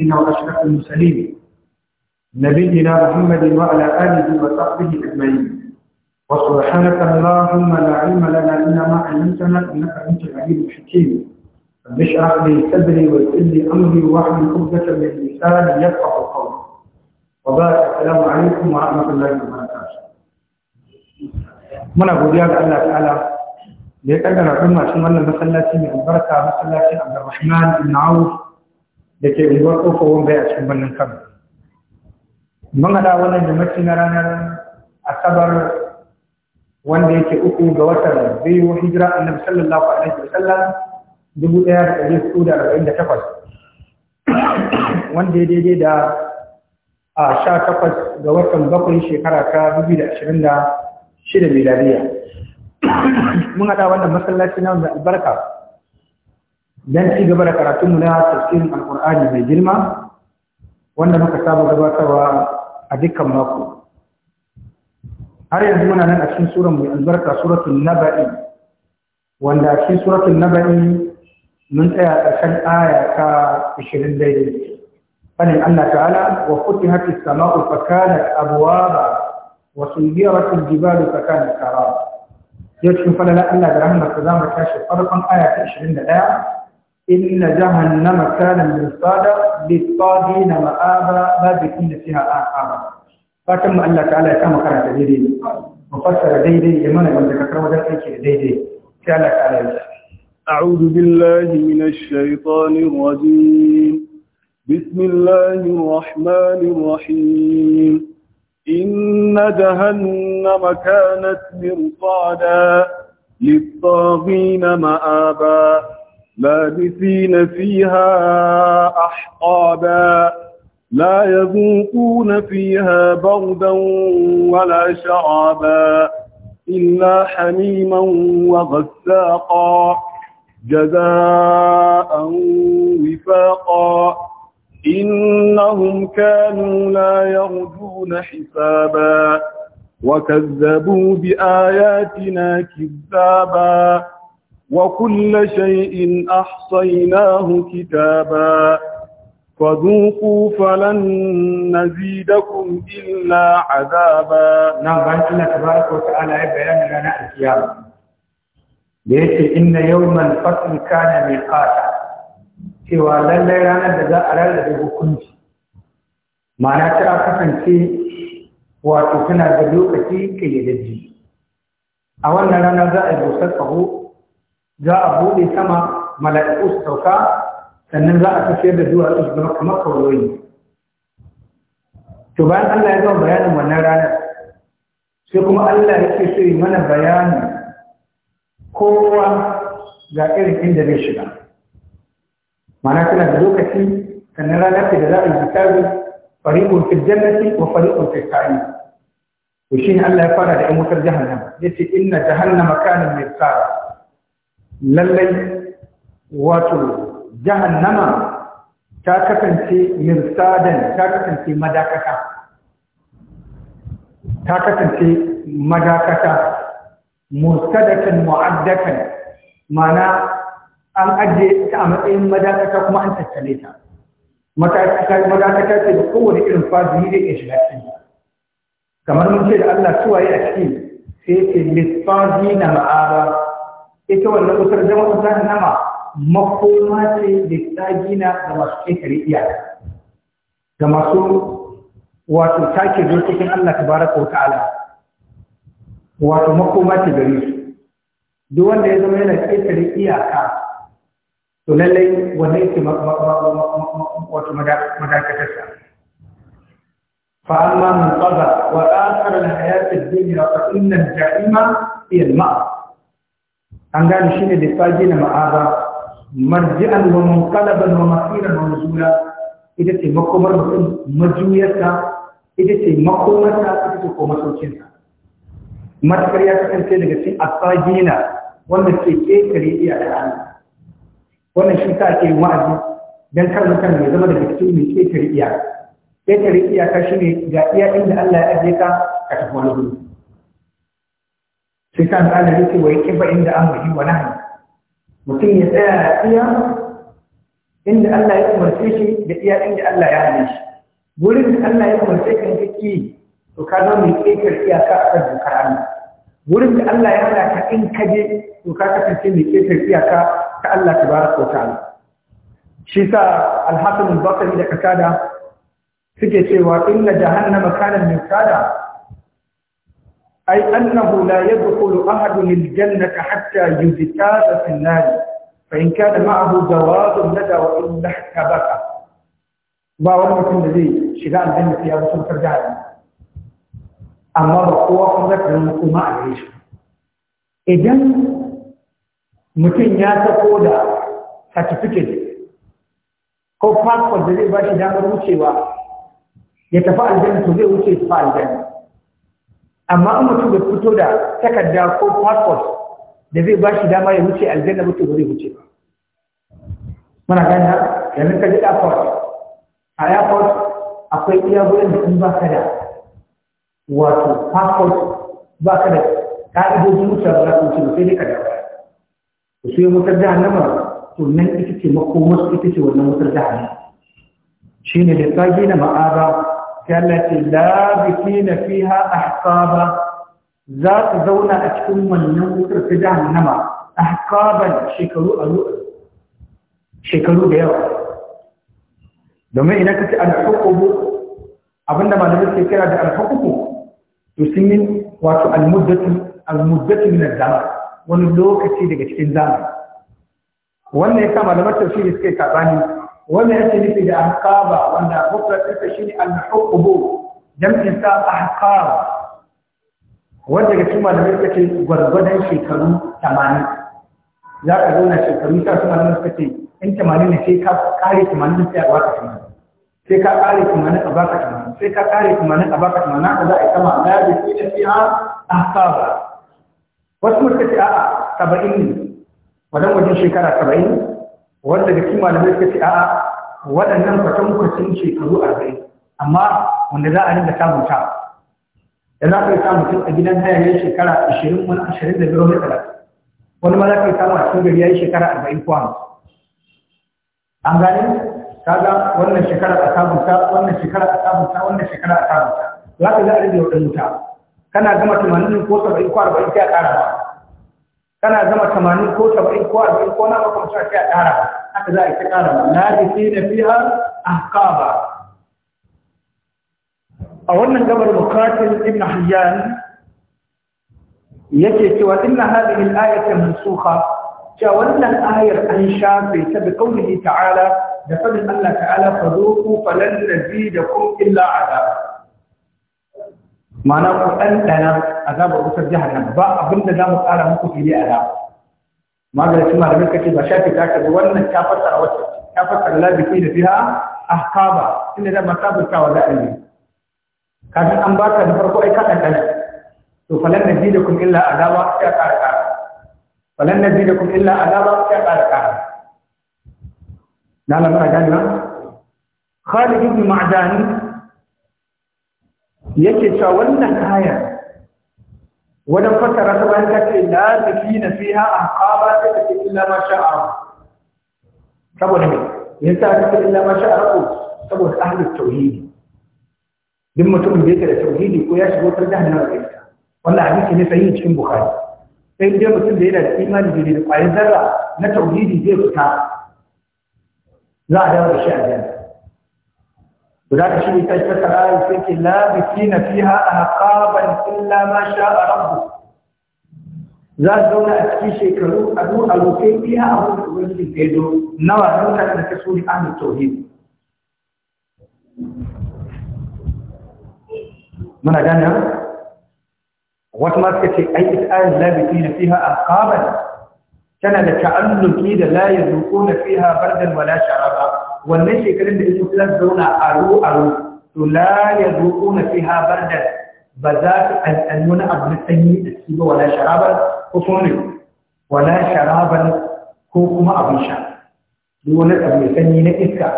إنه أشرف المرسلين نبينا محمد وعلى آله وصحبه أجمعين وسبحانك اللهم لا علم لنا إلا ما علمتنا إنك أنت العليم الحكيم رب اشرح لي صدري ويسر لي أمري واحلل عقدة من لساني يفقه قولي وبارك السلام عليكم ورحمة الله وبركاته muna godiya ga Allah ta'ala da ya kaddara kuma cikin wannan masallaci mai albarka masallacin Abdurrahman ibn Auf da ke unguwar ƙofa wambai a cikin birnin kano mun haɗa wannan jamaci na ranar asabar wanda yake uku ga watan biyu hijira annabi sallallahu alaihi wa sallam dubu ɗaya da ɗari hudu da arba'in da takwas wanda ya daidai da a sha takwas ga watan bakwai shekara ta dubu da ashirin da shida miladiya mun haɗa wannan masallaci na wanda albarka dan ci gaba da karatunmu na tafsirin alqur'ani mai girma wanda muka saba gabatarwa a dukkan mako har yanzu muna nan a cikin suran mai albarka suratul naba'i wanda a cikin suratul naba'i mun tsaya ƙarshen aya ta 20 daidai فلن الله تعالى وفتحت السماء فكانت أبوابا وسيرت karaba فكانت كرابا يجب Allah da ألا برحمة كذام كاشف farkon aya ta 21 إن جهنم كان مرصادا للطاغين مآبا لابثين فيها فكما أن الله تعالى كما قرأ ديدي وفسر ديدي يمنى من ذكر وجه أيكي ديدي تعالى تعالى أعوذ بالله من الشيطان الرجيم بسم الله الرحمن الرحيم إن جهنم كانت مرصادا للطاغين مآبا لابثين فيها أحقابا لا يذوقون فيها بردا ولا شرابا إلا حميما وغساقا جزاء وفاقا إنهم كانوا لا يرجون حسابا وكذبوا بآياتنا كذابا وكل شيء أحصيناه كتابا فذوقوا فلن نزيدكم إلا عذابا نعم بان الله تبارك وتعالى يبين لنا القيامة ليس إن يوم الفصل كان ميقاتا cewa lallai ranar da za a rarrabe hukunci ma'ana ta kasance wato tana da lokaci kayyadajji a wannan ranar za a yi busar ƙaho za a buɗe sama mala'iku su sauka sannan za a tafiyar da zuwa su zama kamar kaurori to bayan Allah ya zama bayanin wannan ranar sai kuma Allah ya ce yi mana bayani kowa ga irin inda zai shiga mana tana da lokaci sannan ranar da za a yi hisabi fariqun fil jannati wa fariqun fil sa'ir to Shin Allah ya fara da 'yan wutar jahannama yace inna jahannama mai mirsara lallai wato jahannama ta kasance mirsadan ta kasance madakata ta kasance madakata mursadatan mu'addakan mana an ajiye ta a matsayin madakata kuma an tattale ta madakata ce da kowane irin fazili da ke shiga cikin kamar mun ce da Allah suwaye a cikin sai ce lisfazi na ma'ara. ita wannan wutar jama'a jahannama makoma ce da ta gina ga masu ƙetare iyaka ga masu wato take dokokin Allah tabaraka wa ta'ala wato makoma ce gare su duk wanda ya zama yana ƙetare iyaka to lallai wanda yake wato madakatarsa فأما من قضى وآخر الحياة الدنيا فإن الجحيم هي المأوى an gane shi ne lissaji na ma'aza marji'an wa munqalaban wa masiran wa nuzula ita ce makomar mutum majuyarta, ita ce makomarsa ita ce ko masaukinsa matakar ya kasance daga cikin asagina wanda ke kekare iyaka Allah wannan shi ta ke wa'azi don kar mutum ya zama daga cikin mai kekare iyaka kekare iyaka ne ga iya inda Allah ya ajiye ka ka tafi wani gudu sai sa ta yake wai kiba inda an bayi wa nahi mutum ya tsaya iya inda Allah ya umarce shi da iya inda Allah ya hane shi wurin da Allah ya umarce ka kake to ka zo mai kekar iyaka a kan dokar Allah wurin da Allah ya hana ka in ka je to ka kasance mai kekar iyaka ta Allah ta tabaraka wa ta'ala shi sa Alhassan hasan al-Basri da Katada suke cewa inna jahannama kana min sada أي أنه لا يدخل أحد الجنة حتى يزتاد في النار فإن كان معه جواد لدى وإن لحكبك وأولا في النبي شراء الجنة يا رسول ترجع أما بقوة لك من مقومة عليش إذن متن ياتقو دا ستفكت كوفات فالجريب باشي دامر وشيوا يتفعل جنة وزيه وشي يتفعل جنة amma an mutu da fito da takarda ko passport da zai ba shi dama ya wuce aljanna mutum ba zai wuce ba muna gani ha yanzu ka ji airport a airport akwai iya gurin da in ka da wato passport ka da ka'idojin wuce ba za ka wuce ba sai dai ka da da sai mutar wutar jahannama to nan ita ce makomar ita ce wannan wutar jahannama shine da tsagi na ma'aba التي لا بكين فيها أحقابا ذات زونا أتكم من نوتر في جهنم أحقابا شكروا ألوء شكروا بيوا دوما إنك الحقب أبنى ما نبت كرا دي الحقب تسمين واتو المدة المدة من الزمان ونلوك سيدك الزمان wannan ya kama da matar shi suke karɓani wannan yake nufi da alƙaba wanda mutar ɗinsa shi ne alhukubu jam'in a alƙaba wanda daga cikin malamai suka ce gwargwadon shekaru tamanin za ka zauna shekaru sa su malamai suka ce in tamanin ne sai ka ƙare tamanin sai a baka tamanin sai ka kare tamanin a baka tamanin sai ka kare tamanin a baka tamanin haka za a yi sama a ya gaji shi ne a alƙaba wasu suka ce a'a saba'in ne wajen wajen shekara saba'in wanda da kima da zai kace a'a waɗannan kwatankwacin shekaru arba'in amma wanda za a rinka samun ta da za ka yi samun tun a gidan haya ya shekara ashirin wani ashirin da biyar wani wani ma za ka yi samun a cikin gari ya yi shekara arba'in ko An gani, ka ga, wannan shekara a samun ta wannan shekara a samun ta wannan shekara a samun ta za ka za a rinka yawan wuta kana gama tunanin ko saba'in ko arba'in sai a ƙara ba kana zama tamanin ko 70 ko 40 ko na makamta sai a ƙara haka za a yi ta ƙara ba na ji sai na fiha ahqaba a wannan gabar mukatil ibn hayyan yake cewa inna hadhihi al-ayata mansukha cewa wannan ayar an shafe ta bi qawlihi ta'ala da fadin Allah ta'ala fadhuqu falan nazidakum illa adaba ma'ana ku ɗanɗana azabar wutar jahannam ba abin da za mu ƙara muku fili a ra'a magana cima da muka ce ba shafi ta kaji wannan ta fassara wata ta fassara labiki da fiha ahkaba inda da masabutawa da ayi kafin an baka da farko ai ka ɗanɗana to falan kun illa azaba sai ƙara ƙara falan kun illa azaba sai ƙara ƙara na lamar gani ba Khalid ibn Ma'dan yake cewa wannan ayar Wannan fassara ta bayan kace la tafina fiha aqaba ta kace illa ma sha Allah saboda me yasa kace illa ma sha Allah saboda ahli tauhidi duk mutumin da yake da tauhidi ko ya shigo tar jahannama da ita wannan hadisi ne sahihi cikin bukhari sai dai mutum da yana da imani da da kwayar zarra na tauhidi zai fita za a dawo da shi a za ta shirya ta shirka sai ke labisi na a haƙaban illa ma sha a rabu za su zauna a ciki shekaru a duk alokai iya a wani ubangiji ke do nawa na wuta da ta suri an tohi muna gane wata ma suka ce ai labisi na a haƙaban tana da ta'alluki da layin rukuna fi ha Bala wala sharaba wannan shekarun da isu za su zauna aro aro to la ya zuƙo na fi habar da ba za su ɗanɗan wani abu na sanyi da su ba wala sharabar ko sone wala sharabar ko kuma abin sha duk wani abu mai sanyi na iska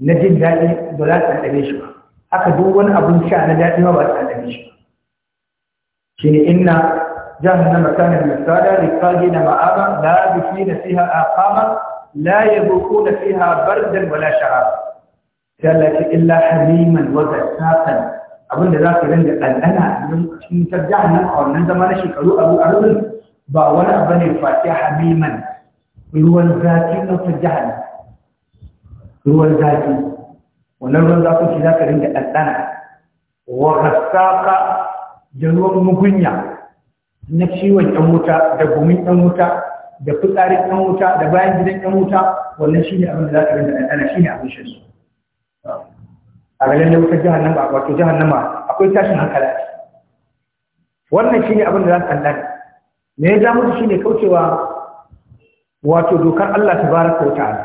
na jin daɗi ba za su ɗanɗane shi ba haka duk wani abin sha na daɗi ma ba su ɗanɗane shi ba shi ne inna jahannama kana misada likagina ma'aba la yusina a aqama la yadhukuna fiha bardan wala sharaba tallafi illa hamiman wa gassatan abinda za ka rinda ɗanɗana don cutar jahannan a wannan zama na shekaru abu a rubin ba wani abu ne fati hamiman ruwan zafi na ta jahannan ruwan zafi wannan ruwan zafi shi za ka rinda ɗanɗana wa gassaka da ruwan mugunya na ciwon ɗan wuta da gumin ɗan wuta da fitsarin ɗan wuta da bayan gidan ɗan wuta wannan shine abin da za ka rinda ana shine abin shan su a ganin da wutar jahannama wato jahannama akwai tashin hankali wannan shine abin da za ka ɗanɗana me ya ja musu shine kaucewa wato dokar Allah tabaraka wa ta'ala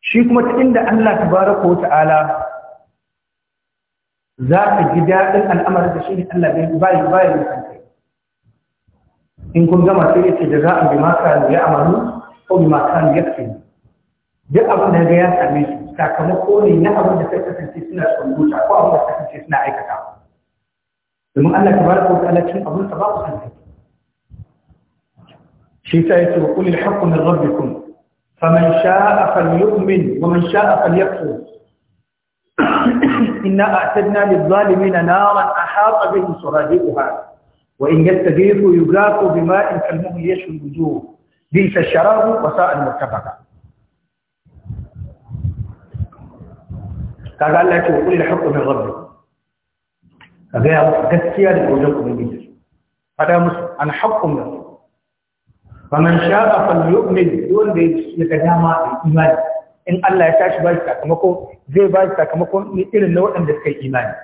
shi kuma ta inda Allah tabaraka wa ta'ala za ka ji daɗin al'amarin da shine Allah bai bai bai in kun gama sai yake bi ma kan ya amanu ko bima kanu yaktubu duk abin da ga ya same su sakamako ne na abin da suka kasance suna tsunduta ko abin da suka kasance suna aikata domin Allah tabaraka wa ta'ala cin abin sa ba ku san shi ta yace wa qulil haqqu min rabbikum faman sha'a falyu'min wa man sha'a falyakfur inna a'tadna lil-zalimin naran ahata bihim suradiquha وإن يستجيث يغاث بماء كالمهل يشوي الوجوه بئس الشراب وساء المرتفقة قال الله تعالى كل حق من ربك فقال قسيا لأوجدكم من جزر هذا مسلم أنا حق من ربك فمن شاء فليؤمن دون يتجامع الإيمان إن الله يتعش بايسا كمكو زي بايسا كمكو من إلى النوع عند الإيمان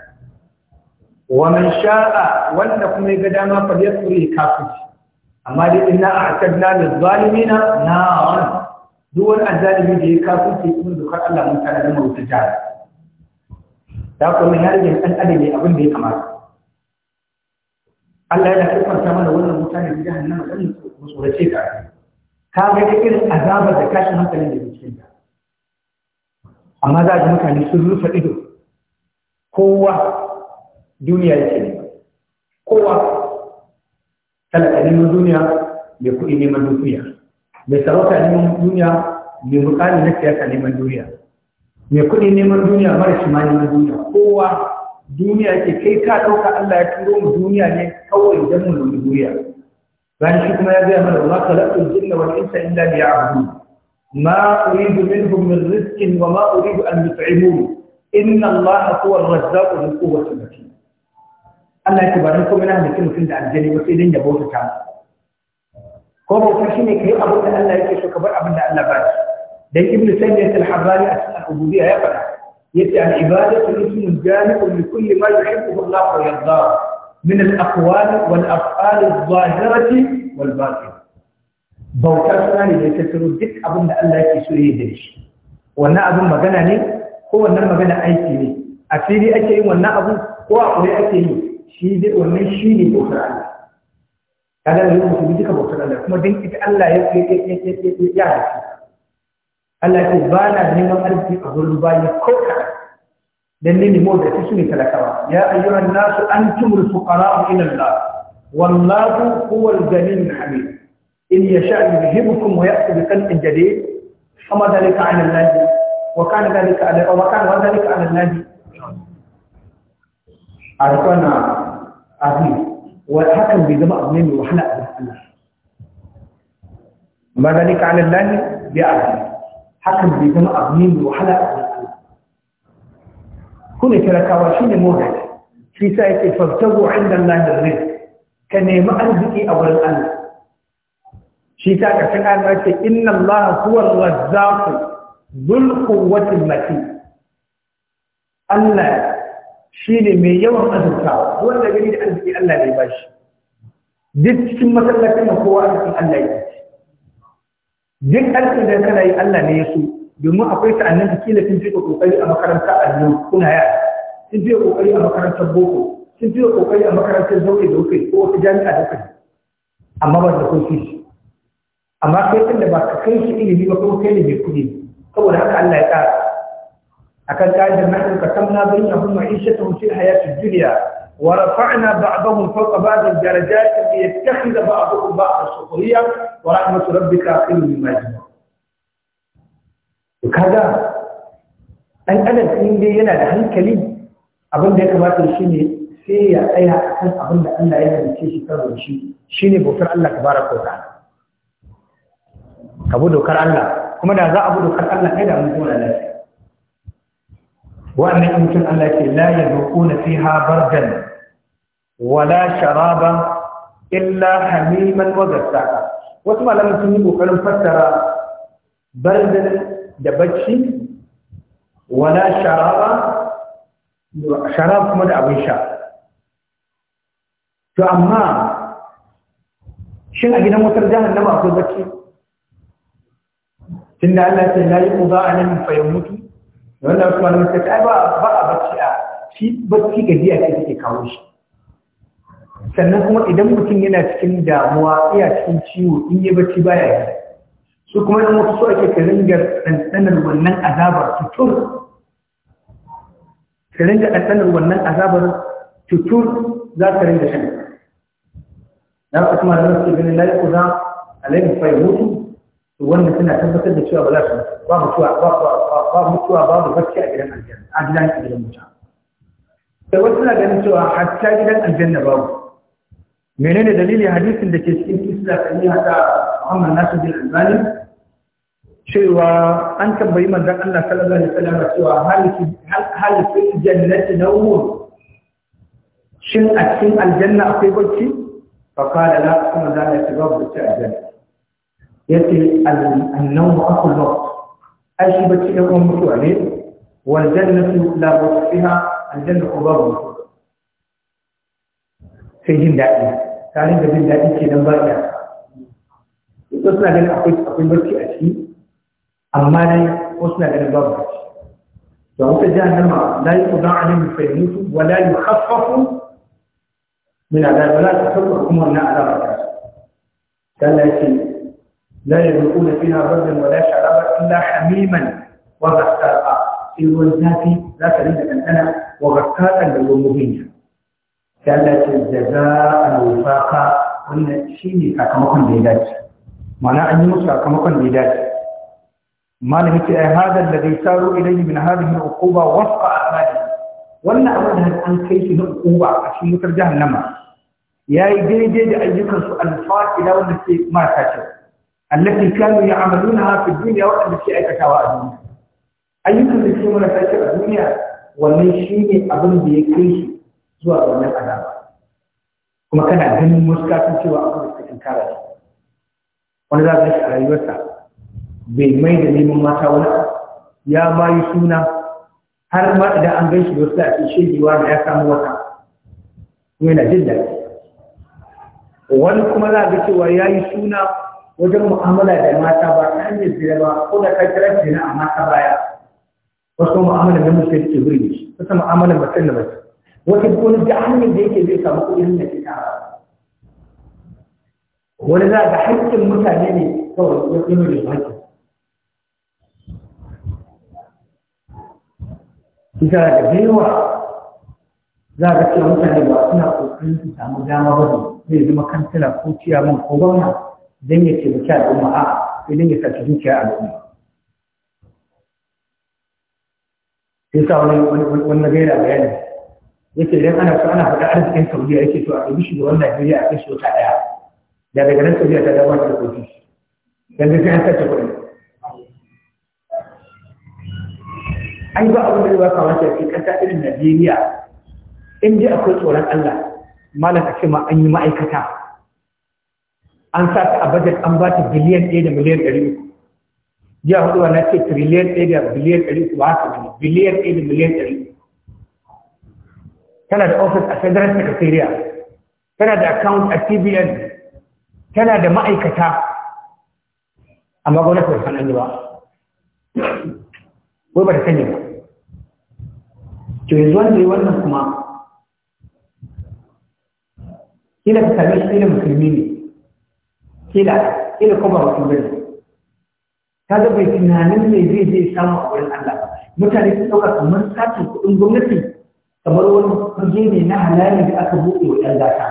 wa man sha'a wanda kuma ya ga dama fa yasri kafir amma dai inna a'tadna lil zalimina naran duk wani azzalimi da ya kafirce kuma dokar Allah mun da mawuta jara da kuma ya rage dan adam ne abin da ya kamata Allah ya karfanta mana wannan mutane da jahannama dan mu tsorace ka ka ga irin azabar da kashin hankalin da ke cikin ta mutane sun rufe ido kowa duniya yake ne kowa talaka neman duniya mai kuɗi neman duniya mai sarauta neman duniya mai mukami na siyasa neman duniya mai kuɗi neman duniya mara shi ma neman duniya kowa duniya yake kai ka ɗauka Allah ya turo mu duniya ne kawai don mu nemi duniya bayan shi kuma ya gaya mana ma khalaqul jinna wal insa illa liya'budun ma uridu minhum min rizqin wa ma uridu an yut'imun inna Allah huwa ar-razzaqu dhul quwwati Allah ya ce ba dan komai na halitta mutum da aljani ba sai dan ya bauta ta ko bauta shine kai abin da Allah yake so ka bar abin da Allah ba shi dan ibnu sayyid al-harrani a cikin al-ubudiyya ya faɗa yace al-ibadatu ismun jami'un li kulli ma yuhibbu Allah wa yarda min al-aqwal wal af'al adh-dhahirati wal batinah bautar suna ne da ya tattaro duk abin da Allah ke so ya yi da shi wannan abin magana ne ko wannan magana aiki ne a fili ake yin wannan abu ko a kuma ake yi shi zai wannan shi ne bautar Allah kada da yau mutum duka bautar Allah kuma dan ita Allah ya ya ya ya ya ya Allah ce ba na neman arziki a gurin bayan ko kaɗan dan ne nemo da su ne talakawa ya ayyuhan nasu antumul fuqara'u ila Allah wallahu huwal ghaniyyul hamid in yasha yuhibbukum wa ya'ti bi khalqin jadid fama dhalika 'ala Allah wa kana dhalika 'ala wa kana dhalika 'ala Allah a rikona azim wa hakan bai zama abu ne mai wahala a wajen Allah ma zalika ala Allah bi azim hakan bai zama abu ne mai wahala a wajen Allah kuma talakawa shine mawdaci shi sa yake fartago inda Allah da rizq ka nemi arziki a wurin Allah shi ta ƙarshen ayar ce inna Allah huwa ar-razzaq dhul mati." matin Allah shi ne mai yawan azurta wanda gani da arziki Allah ne ba shi duk cikin masallacin da kowa arzikin Allah ya ce duk arzikin da kana yi Allah ne ya so domin akwai ta annan da kila sun fiye kokari a makaranta a allo kuna yara sun fiye kokari a makarantar boko sun fiye kokari a makarantar zaure da wukai ko wata jami'a da kai, amma ba da kun fi amma kai tun da ba ka kai shi ilimi ba kuma kai ne mai kuɗi saboda haka Allah ya ƙara أكد قائد نحن كتمنا بينهم معيشتهم في الحياة الدنيا ورفعنا بعضهم فوق بعض الدرجات ليتخذ بعضهم بعض السخرية ورحمة ربك خير مما يجمعون وكذا ɗan adam in dai yana da hankali abin da ya kamata shi ne sai ya tsaya a kan abin da Allah ya halice shi kan shi shi ne bautar Allah ta bara ko ta'ala ka bi dokar Allah kuma da za a bi dokar Allah kai da mun kuma da wannan mutum Allah ke la yadukuna fiha bardan wala sharaba illa hamiman wa wasu malamin sun yi kokarin fassara bardan da bacci wala sharaba sharab kuma da abin sha to amma shin a gidan wutar jihar nama akwai bacci tunda Allah ce la yuqda alaihim fayamutu wannan kuma ne sai ai ba a bacci a shi bacci jiya ce take kawo shi sannan kuma idan mutum yana cikin damuwa iya cikin ciwo in yi bacci baya yi su kuma yin wasu so ake ka ringa ɗanɗanar wannan azabar tutur ka ɗanɗanar wannan azabar tutur za ka ringa shan na su kuma da wasu ganin laifin alaihi fahimutu wannan suna tabbatar da cewa ba za su ba mutuwa ba ba mutuwa ba mu bacci a gidan aljanna a gidan a gidan mutuwa sai wasu suna ganin cewa hatta gidan aljanna babu menene dalilin hadisin da ke cikin kisla kan yi hada Muhammad Nasir bin Albani cewa an tambayi manzon Allah sallallahu alaihi wasallam cewa haliki haliki jannati nawmun shin a cikin aljanna akwai bacci fa qala la kuma za ta babu bacci aljanna يأتي النوم أكل الوقت أي شيء بتشيء يكون مشوع عليه والجنة لا بد فيها الجنة خبار في جن دائم كان في جن دائم كي نمبر يا وصلنا لنا أقول أقول بس أشي أما لا وصلنا لنا نمبر أشي لو تجاهنا لا يقضى عليهم الفيروس ولا يخفف من عذاب ولا تخفف أمرنا على رأسه قال لا لا يقول فيها رجا ولا شرابا إلا حميما وغساء في الوزنات لا تريد أن أنا وغساء للمبين ثلاث الجزاء الوفاق وإن الشيء يتاكمكم بيدات معنى أن يتاكمكم بيدات ما لهك هذا الذي ساروا إليه من هذه العقوبة وفق أعماله وإن أعمالها الآن كيف العقوبة عشان يترجع النمر يا يجري جيد أن يكرسوا الفاتحة ونسي ما تشعر allati kanu ya'malunaha fi dunya wa allati aikatawa a duniya ayyukan da suke mana tashi a duniya wannan shine abin da ya kai shi zuwa wannan azaba kuma kana ganin wasu kafin cewa abin da kara shi wani za ka a rayuwarsa bai mai da neman mata wani ya ma yi suna har ma idan an gan shi wasu da ake shegewa da ya samu wata yana jin daɗi wani kuma za ga cewa ya yi suna wajen mu'amala da mata ba ta hanyar zira ba ko da ka kira zina a mata baya wasu mu'amala na mutum ke wuri ne wasu mu'amala mutum da mutum wasu kuma da hanyar da yake zai samu kuɗin da ke tara wani za ga haƙƙin mutane ne kawai ya tsino da haƙƙi isa da baiwa za ga cewa mutane ba suna ƙoƙarin su samu dama ba ne zai zama kansila ko ciyaman ko gwamna don ya taimaki al'umma a idan ya saci dukiya al'umma sai sa wani wani gaira bayani yake idan ana so ana faɗa arzikin saudiya yake so a ɗabi shugaban najeriya a kai shi wata ɗaya da daga nan saudiya ta damar da kofi don zai an sace kuɗi ai ba abin da zai baka wata ce ƙasa irin najeriya in dai akwai tsoron allah malam a ce ma an yi ma'aikata an sa ta a budget an ba ta biliyan ɗaya da miliyan ɗari uku jiya hudu na ce triliyan ɗaya da biliyan ɗari uku ba haka ne biliyan ɗaya da miliyan ɗari uku tana da office a federal secretariat tana da account a cbn tana da ma'aikata amma gwamnati bai san ba wai ba ta sani ba to yanzu wanda yi wannan kuma ina ka sami shi ne musulmi ne kila kila kuma ba sun Ta kaga bai tunanin ne zai je samu a wurin Allah ba mutane sun dauka kamar satin kuɗin gwamnati kamar wani fage ne na halali da aka buɗe wa ɗan gata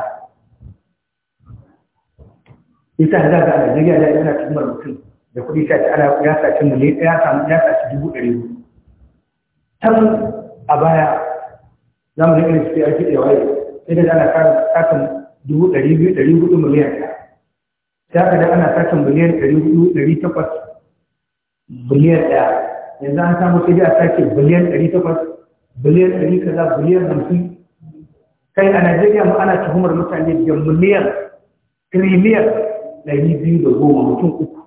ita da a Najeriya da ina cikin mutum da kuɗi ta ci ana ya saci mu ne ya samu ya sace dubu ɗari tan a baya zamanin irin su ya ke da waye sai da ana satin dubu ɗari biyu ɗari hudu miliyan ɗaya za ka da ana sakin biliyan ɗari ɗari takwas biliyan ɗaya yanzu an samu sai dai a sake biliyan ɗari takwas biliyan ɗari kaza biliyan hamsin kai a najeriya mu ana tuhumar mutane da miliyan tiriliyan ɗari biyu da goma mutum uku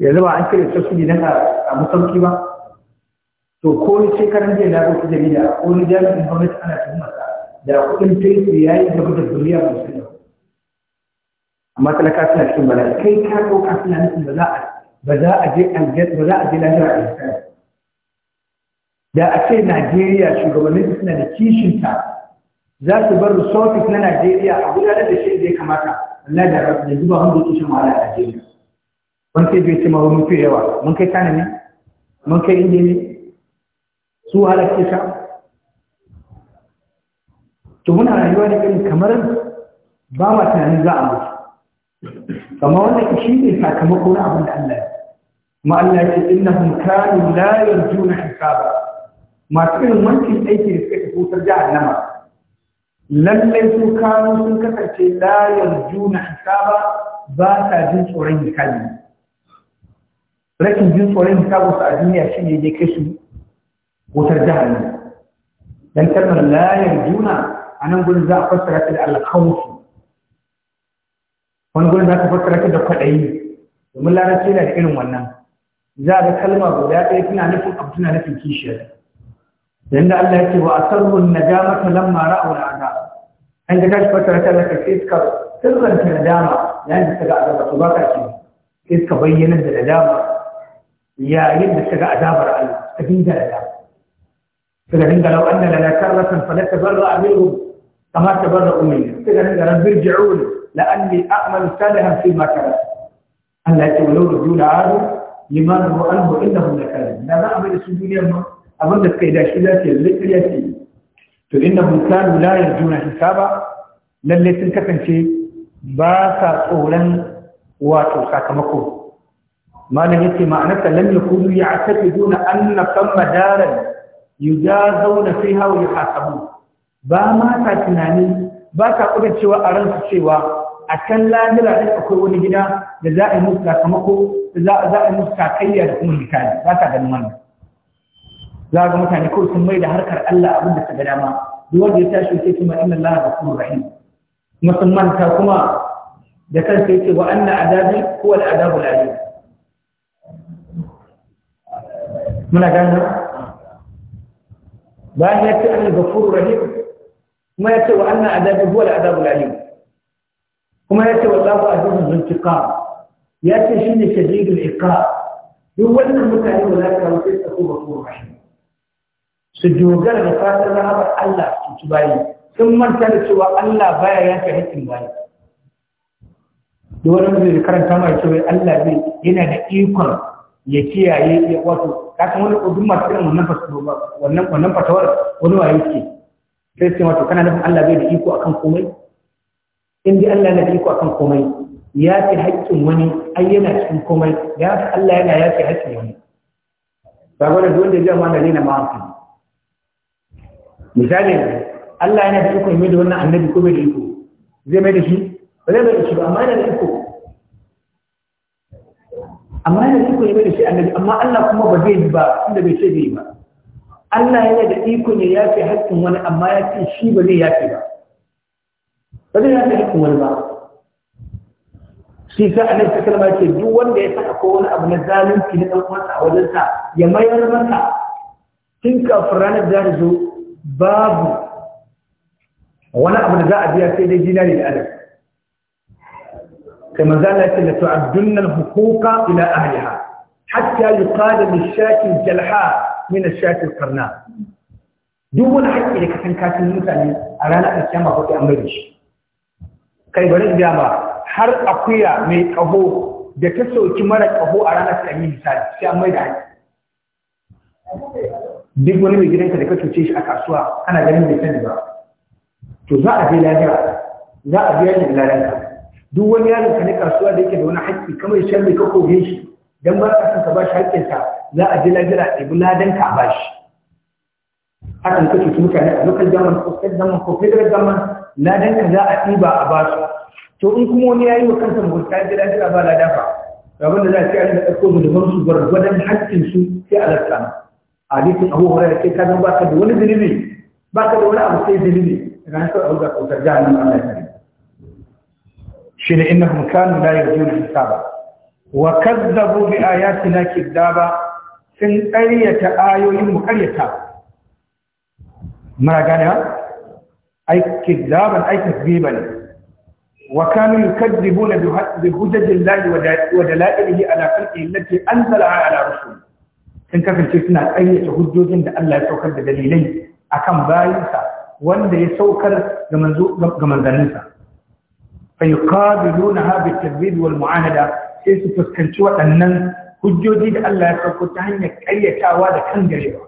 yanzu ba an kira sassu don a musauki ba to ko shekaran jiya na rufe jarida ko ni jami'in gwamnati ana tuhumar sa da kuɗin taiki ya yi gaba da duniya ba su amma talaka suna cikin bala kai ka ɗauka suna nufin ba za a ba za a je aljet ba za a je lahira a israel da a ce najeriya shugabannin suna da kishinta za su bar resources na najeriya a gudanar da shi da ya kamata Allah da rabu da zuba hannu kishin wahala a najeriya wani sai bai ce ma mun fi yawa mun kai tana ne mun kai indiya ne su wahala kishin to muna rayuwa da irin kamar ba ma tunanin za a mutu amma wannan shi ne sakamako na abin da Allah ya kuma Allah ya ce innahum kanu la yarjuna hisaba masu irin wancan aiki da suka tafi wutar nama. lallai su kanu sun kasance la yarjuna hisaba ba sa jin tsoron hisabi rashin jin tsoron hisabu su a duniya shi ne ya kai su wutar jahannama dan kalmar la yarjuna a nan gudun za a fassara ta da alkhawfu wani gudun za ka fassara ta da kwaɗayi domin larabci yana da irin wannan za a ga kalma guda ɗaya tana nufin abu tana nufin kishiyar yanda Allah ya yake wa asarrun najamata lamma ra'u al'ada an ga tashi fassara ta da iska sirran ta nadama yayin da suka ga azaba to ba ka ce iska bayyana da dama yayin da suka ga azabar Allah ta dinga nadama فلعند لو أن لنا كرة فنتبرأ منهم كما تبرأوا مني فلعند رب ارجعون لأني أعمل سالها فيما أن ألا تولوا رجول عاد لما نروا عنه إنهم لكاذب لا نعمل سجوني أما أظن كيدا شلاتي الذكرياتي فإنهم كانوا لا يرجون حسابا للي تنكتن شيء باسا طولا واتو ساكمكو ما لم معنى لم يكونوا يعتقدون أن ثم دارا yujazawna fiha wa yuhasabu ba ma ta tunani ba ta kuka cewa a ransu cewa a can lahira din akwai wani gida da za a yi musu sakamako da za a yi musu takayya da kuma misali ba ta ganin wannan za ga mutane kawai sun mai da harkar Allah abin da ta ga dama duk wanda ya tashi sai kuma inna Allah ghafurur rahim kuma sun manta kuma da kansa yake wa anna adabi huwa al al alim muna gano bayan ya ce annal ghafurur rahim kuma ya ce wa anna adabi huwa al-adabul alim kuma ya ce wa wallahu azizun intiqam ya ce shine shadidul iqab duk wannan mutane ba za ka wuce tsako ghafurur rahim su dogara da fatan rahamar Allah su ci bayi sun manta da cewa Allah baya yanka hakkin bayi da wani da karanta mai cewa Allah zai yana da ikon ya kiyaye ya wato kasan wani kudin masu irin wannan fasuwa wannan wannan fatawar wani waye ke sai ce wato kana nufin Allah bai da iko akan komai in dai Allah yana da iko akan komai ya ce haƙƙin wani ai yana cikin komai ya ce Allah yana ya ce haƙƙin wani ba gwada duk wanda ya jama da na mawafi misali Allah yana da iko mai da wannan annabi ko bai da iko zai mai da shi ba zai mai da shi ba amma yana da iko amma yana da ikon ya da shi annabi amma Allah kuma ba zai ba inda bai ce bai ba Allah yana da ikon ya yafe haƙƙin wani amma ya ce shi ba zai yafe ba ba zai yafe haƙƙin wani ba shi sai annabi ta kalma ce duk wanda ya saka ko wani abu na zalunci na dan uwansa a wajensa ya mayar masa tun kafin ranar da zo babu wani abu da za a biya sai dai dinari da adam كما قال لتعدن الحقوق إلى أهلها حتى يقال للشاة الجلحاء من الشاة القرناء دون حق إذا كان كاتل مثلا أرانا الكامة هو أمريش كي بلد جامعة har akuya mai ƙaho da ta sauki mara ƙaho a ranar ta yi da haƙi duk wani mai gidanka da ka cuce shi a kasuwa ana ganin bai sani ba to za a biya za a biya ni lalanka duk wani yaron ka na kasuwa da yake da wani haƙƙi kamar shan mai ka koge shi dan ba ka san ka bashi haƙƙin sa za a je lajira a ɗebi ladan ka a bashi hakan ka cuci mutane a lokacin zaman ko kai zaman ko kai zaman ladan ka za a ɗiba a basu to in kuma wani yayi wa kansa mugunta ya je lajira ba ladan fa rabin da za a ce an da ɗauko mu da su gwargwadon haƙƙin su sai a lasta a hadisin abu hurairah kai ka ba ka da wani dalili ba ka da wani abu sai zunubi daga nan sai a ruga kautar jahannam Allah ya kare shine innahum kanu la yarjuna hisaba wa kazzabu bi ayatina kidaba sun ƙaryata ayoyin mu ƙaryata mara gane ai kidaban ai tasbiban وكانوا يكذبون بهجج الله ودلائله على خلقه التي anzala على رسوله sun kasance suna ƙayyata hujjojin da Allah ya saukar da dalilai akan bayinsa wanda ya saukar ga manzanninsa fayuqabiluna ha bitabid wal mu'anada sai su fuskanci waɗannan hujjoji da Allah ya sauko ta hanyar ƙaryatawa da kan garewa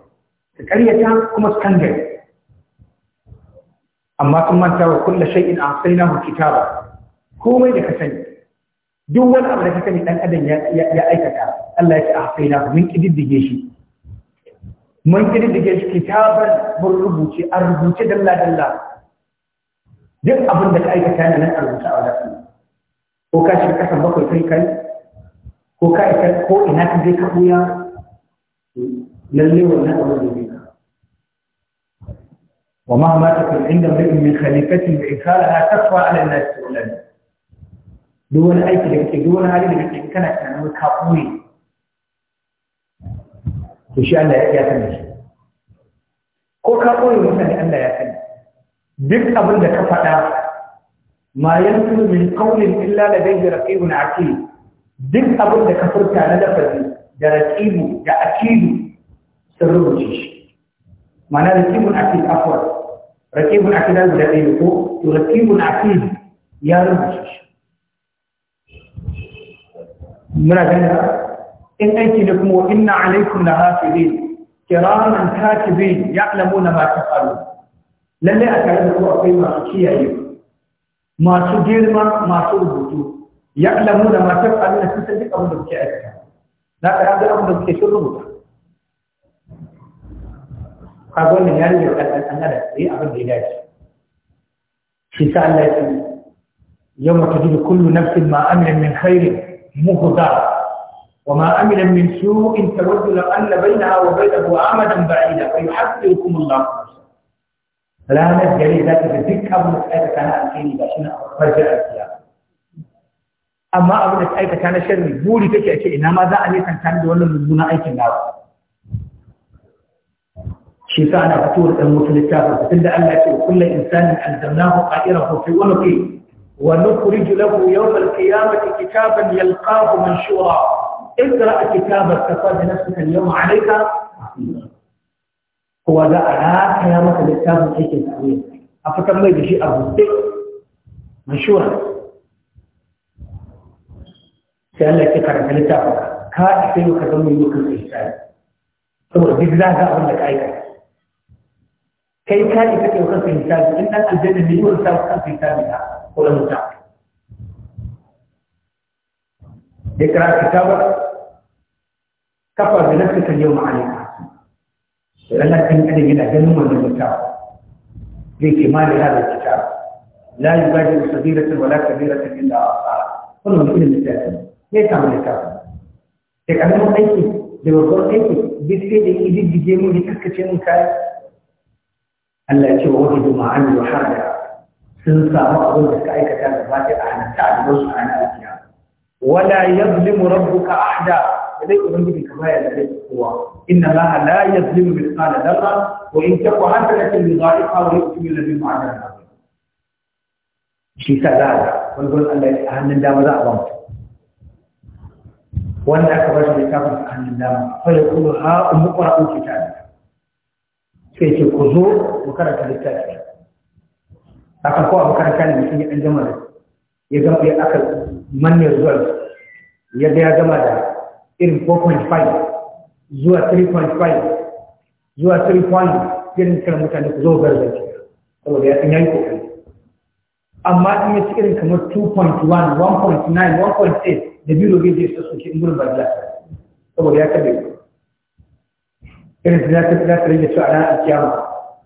su ƙaryata kuma su kan gare amma sun manta wa kulla shay'in ahsaynahu kitaba komai da ka sani duk wani abu da ka sani dan adam ya aikata Allah ya ce ahsaynahu mun kididdige shi mun kididdige shi kitaban mun rubuce an rubuce dalla dalla duk abin da ka aikata yana nan a rubuta a wadatar ko ka shiga kasan bakwai kai kai ko ka aikata ko ina ka je ka buya lalle wannan abin da zai ومهما تكن عند امرئ من خليفته بإكثارها تقوى على الناس تؤلم دون أي تلك دون هذه التي كانت تنوي كابوي إن شاء الله يا تنش ko ka koyi mutane Allah ya duk abin da ka faɗa ma yanzu min qawlin illa da da dai ladayhi na akili duk abin da ka furta na lafazi da raqibu da akili sun rubuce shi ma'ana akili afwa afwan raqibun akili da dai ko to raqibun akili ya rubuce shi muna ganin in aiki ne kuma inna alaikum lahafizin kiraman katibin ya'lamuna ma taf'alun lalle a tare da ku akwai masu kiyaye masu girma masu rubutu ya lamu da masu Allah sun san duk abin da kuke aikata za ka ga abin da kuke sun rubuta ka ga wannan ya rage wa ɗan ɗan da sai abin da ya dace shi sa Allah ya ce yawma tajidu kullu nafsin ma amila min khairin muhdara وما عمل من سوء تود لو أن بينها وبينه أمدا بعيدا فيحذركم الله ranar gare za ta ga duk abin da aikata na alheri ba shi na farjar alkiya amma abin da ta aikata na sharri buri take a ce ina ma za a nisanta da wannan mummunan aikin na shi sa ana fito da ɗan mutu littafin tun da Allah ce kulla insanin aljannahu qa'irahu fi ulqi wa nukhriju lahu yawm al-qiyamati kitaban yalqahu manshura اقرأ da كفى بنفسك اليوم عليك kowa za a rataya masa littafin aikin sa a fitar mai da shi a buɗe mashura sai Allah ya karanta littafin ka isa yi ka zama yi kan ihsani saboda duk za ka abin da ka aikata kai ka isa kai kan ihsani in dan aljanna ne yi wa sa kan ihsani ka ko da mutum ya kira kitaba kafa da nafsika yau ma'alika لأن كان أنا جدا جنوما من الكتاب كمال هذا الكتاب لا يبادر صغيرة ولا كبيرة إلا أعطاها كل من إلى الكتاب ليس عن الكتاب لكن أنا مو أيكي دوركور أيكي بيسكي لإيدي بجيمو لكسكتين من كاي Allah ya ce wa wahidu سنسى مقبول yi كتاب الراتب عن abin da suka aikata da ba ta a لديك ذنبك إن الله لا يظلم مثقال ذرة وإن تقوى حسنة لضائقة ويؤتي الذي معنا العظيم شيء سادة ونقول الله أهل الدام ذا أظلمت وأنا أكبر بكافر أهل الدام فيقول ها أمقرأ كتابي كيف يكذور وكرة للتاسع akan ko abu kan kan mutum ya dan gama da ya gama ya aka manne zuwa ya gama da irin 4.5 zuwa 3.5 zuwa 3 point irin kan mutane ku zo garzance saboda ya san yayi kokari amma in ya ci irin kamar 2.1 1.9 1.8 da biro bai je su ke in gurin ba saboda ya kabe irin su zaka za da rage su a ranar kiyama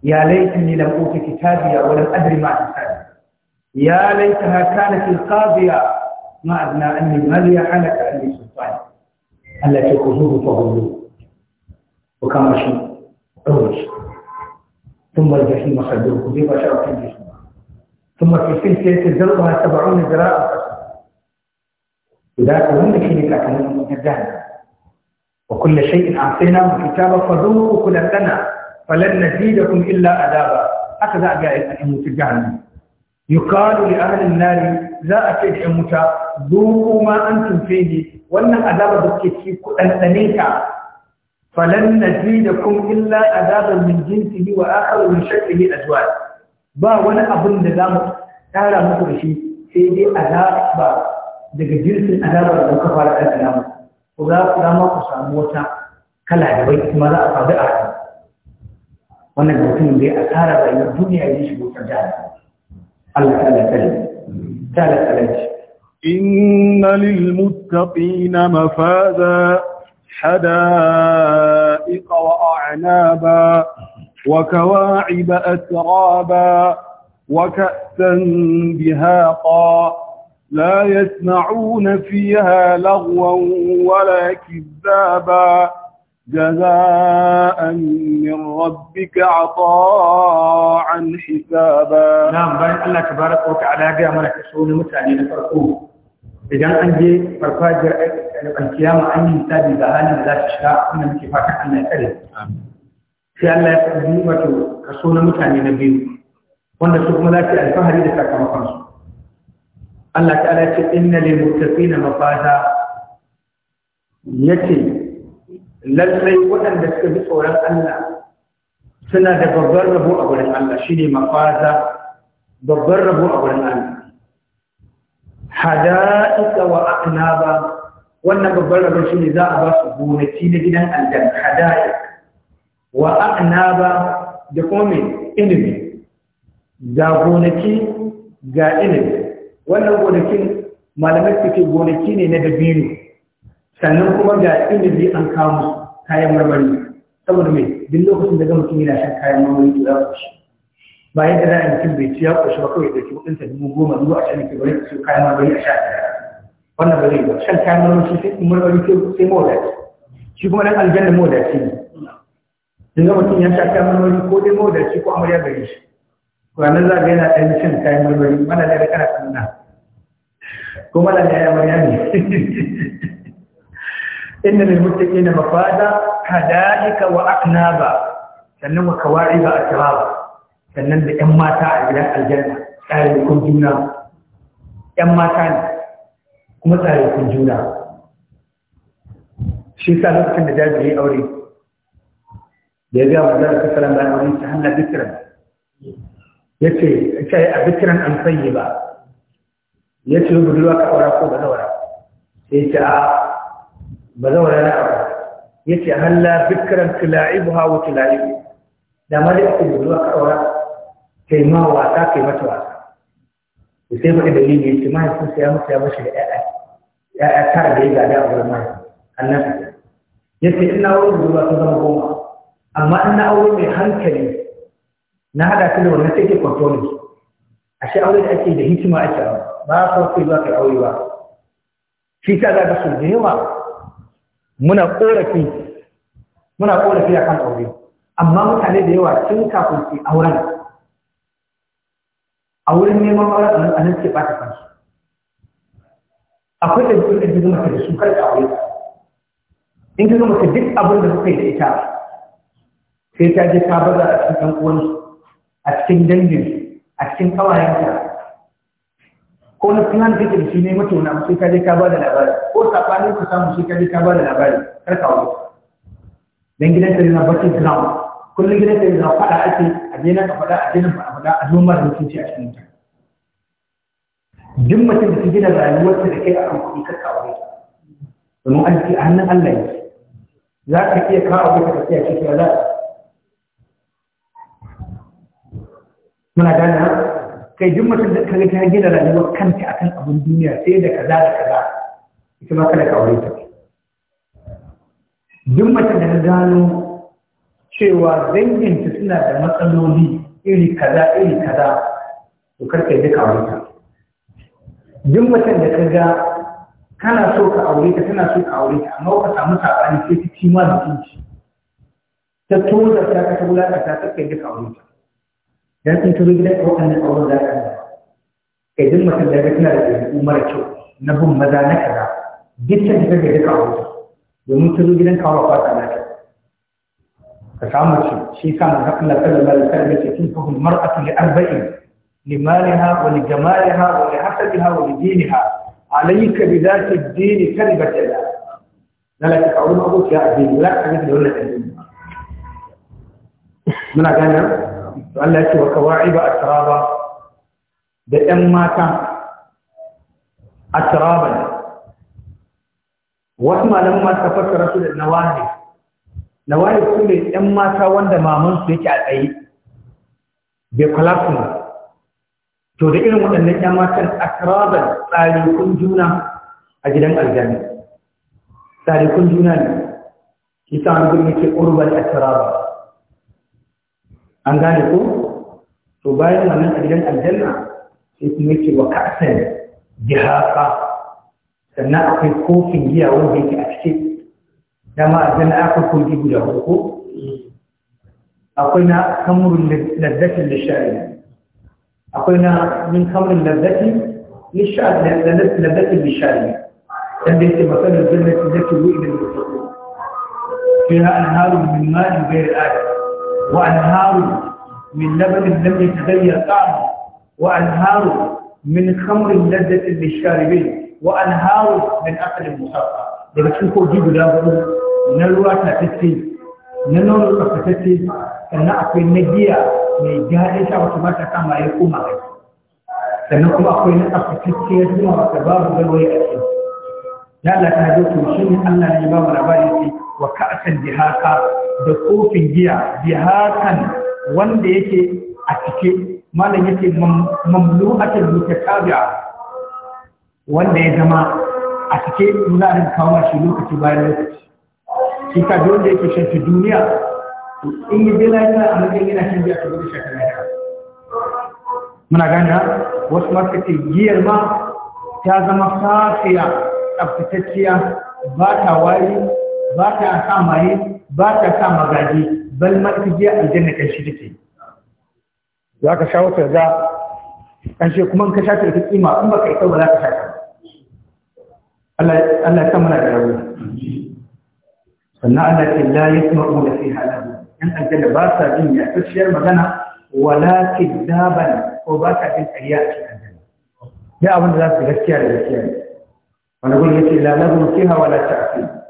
ya laita ni lam uta kitabiya wa lam adri ma hisabi ya laita ha kana fil qadiya ma adna anni maliya halaka anni sultani Allah ce ku zuhu fa hullu ku kama shi ɗaure shi sun da shi masallu ku zai ba shi a kan jisu sun mafi sun ce ta zarba na saba'un da zira a ƙasa guda ka wanda shi ne kakanin na jihar wa kulle shay'in asina mu ba fa zuhu ku dangana da kun illa adaba haka za a ga ayyukan mutu jahannam yuqalu li ahli an-nari za a ce da ‘yan wuta zuku ma an tumfe ne wannan azaba da kuke ci ku ɗanɗane ta na ji da kun illa azaban min jinsi yi wa akarar min shakka yi azuwa ba wani abin da za mu tara muku da shi sai dai azaba daga jinsin azabar da kuka fara ɗanɗana mu ku za ku dama ku samu wata kala da bai kuma za a faɗi a haka wannan mutum da ya asara rayuwar duniya ya shigo ta jihar Allah ta Allah ثالث علاج إن للمتقين مفازا حدائق وأعنابا وكواعب أترابا وكأسا بهاقا لا يسمعون فيها لغوا ولا كذابا جزاء من ربك عطاء حسابا نعم بان الله تبارك وتعالى يا ملك الصون متعلين فرقوه إذا عندي فرفاجر يعني القيامة أن يستاذي ذهان لا تشراء أن الكفاك أن يتري في الله يتعلم وتو كصون متعلين نبيه وأن سوق ملاك الفهر إذا كما قرصوا الله تعالى إن للمتقين مفازا يتي lallai waɗanda suka bi tsoron Allah suna da babbar rabo a wurin Allah ne mafaza babbar rabo a wurin Allah hada'iqa wa aqnaba wannan babbar rabo shine za a ba su gonaki na gidan aljanna hada'iq wa da kuma me ga gonaki ga inabi wannan gonakin malamai suke gonaki ne na dabino sannan kuma ga zai an kawo kayan marmari saboda mai duk lokacin da gama kini yana shan kayan marmari to za su, shi ba yadda za a mutum bai ci ya shi ba kawai da ke kudin ta dubu goma zuwa a can ke bari su kayan marmari a sha wannan ba zai ba shan kayan marmari sai marmari sai mawadaci shi kuma dan aljanna mawadaci ne gama kini ya sha kayan marmari ko dai mawadaci ko amarya gari shi ranar za a ga yana ɗan shan kayan marmari mana da kana sannan ko mana da ya amarya ne inna lil muttaqina mafada hadaika wa aqnaba sannan wa kawa'iba atraba sannan da 'yan mata a gidan aljanna kun juna 'yan mata ne kuma kun juna shi sa lokacin da jaji ya aure da ya ga wa zara ta salam bayan aure ta hanna bikiran ya ce ita a bikiran an sanye ba ya ce budurwa ka aura ko ba zawara sai ya ce a ba zama na abu ya ce halla fikiran tula'ibu hawa tula'ibu da ma da ake zuwa kawara ta yi ma wasa kai mata wasa da sai mai dalili ya ce mahaifin ya mutu ya mashi da ya'ya tara da ya gada a wurin mahaifin Annan. ya ce ina wurin zuwa sun zama goma amma ina aure mai hankali na haɗa ta da wannan take ke a ashe aure da ake da hikima ake aure ba a kawai ba ka aure ba shi ta zaga su da yawa muna korafi muna korafi akan aure amma mutane da yawa tun kafin su auren Auren wurin neman auren a nan suke bata kansu akwai da duk da mace da su karka aure in ka zama duk abin da suka yi da ita sai ta je ta baza a cikin ɗan uwansu a cikin dangin a cikin kawayenta ko na plan da shi ne na sai ka je ka ba da labari ko sabanin ka samu sai ka je ka ba da labari kar ka wuce dan gidan ka na bakin ground kullum gidan ka na fada ake a je na ka fada a je na ba fada a zo mara da mutunci a cikin ta duk mutum da ta gina rayuwarsa da kai a kan kuɗi kar ka wuce domin arziki a hannun Allah ne. za ka iya kawo ka tafiya cikin za muna gane kai duk mutum da kaga ta gina rayuwar kanta akan abin duniya sai da kaza da kaza ita ma kada ka aure ta duk mutum da gano cewa danginta suna da matsaloli iri kaza iri kaza to karka yi ka aure ta duk mutum da kaga kana so ka aure ta tana so ka aure ta amma ka samu sabani sai ta ci ma mutunci ta tozarta ka ta wulakanta ta kai ka aure ta dan in gidan zo gidan waɗannan auren za kai duk mutum da da ɗabi'u mara kyau na bin maza na kaza dukkan da kake duka auren domin ka zo gidan kawo fata na kyau ka samu shi shi sa mun hakan da sallallahu alaihi wasallam yake kin fahim mar'atu li arba'in limaliha wa li jamaliha wa li hasabiha wa li diniha alayka bi dhati ad-din kalbatala zalika qawlu abu ya abi la akhidu lana muna gane to Allah ya ce wa kawa'iba atraba da 'yan mata atraban wasu malaman ma ta fassara su da nawali nawali su ne mata wanda maman su yake a tsaye bai kwalafin to da irin waɗannan ƴan matan atraban tsarikun juna a gidan aljanna tsarikun juna ne isa wani gudu yake urban atraba an gane ko to bayan wannan a gidan aljanna sai kuma yake wa ka'san jihafa sannan akwai kofin giya wanda yake a cikin dama aljanna aka kofi guda ko akwai na kamurin lazzatin lishari akwai na min kamurin lazzatin lazzatin lishari dan da yake masalar jannatin zaki ru'in da ke fiha anharu min ma'in bai adad وأنهار من لبن لم يتغير طعمه وأنهار من خمر لذة للشاربين وأنهار من أكل مصفى daga cikin kogi guda hudu na ruwa tatacce na nono tsaftatacce sannan akwai na giya mai daɗin sha wata mata kama ya koma kai sannan kuma akwai na ya zuma wata babu garwaye a ciki ya Allah ta zo to shi ne Allah ne ba mu labari sai wa ka'atan jihaka da kofin giya jihakan wanda yake a cike malam yake mamlu'atan mutatabi'a wanda ya zama a cike za a kawo shi lokaci bayan lokaci shi ka da wanda yake shanta duniya in yi bela yana a matsayin yana shan biya ta gudu shaka lahira muna gane wasu masu ce giyar ma ta zama safiya tsabtatacciya ba ta wari ba ta sa maye ba ta sa magaji bal ma ta je aljanna kan shi take za ka sha wata ga An shi kuma ka sha ta ta kima in ka yi ba za ka sha ta Allah ya ta mana da rabu sannan Allah ce la yasma'u da fiha lahu Yan aljanna ba sa jin ya tsiyar magana wala kidaban ko ba sa jin ƙarya a cikin aljanna ya abin da za su gaskiya da gaskiya ne wani gurin yace la lahu fiha wala ta'fi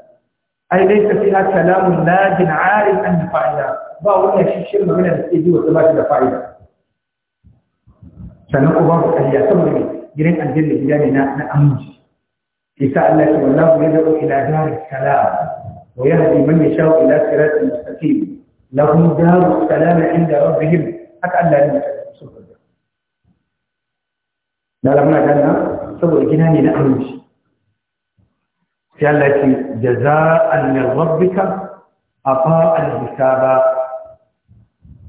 ai dai ta fiha kalamun lajin arif an fa'ida ba wannan shi shi magana da take ji wata ba da fa'ida sannan uban ku kariya saboda gidan aljanna gida ne na aminci isa Allah ta wallahu yad'u ila daris salam wa yahdi man yasha'u ila siratin mustaqim lahum darus salam 'inda rabbihim haka Allah da saboda gida ne na aminci sai Allah ce jaza'an min rabbika afa'al ba.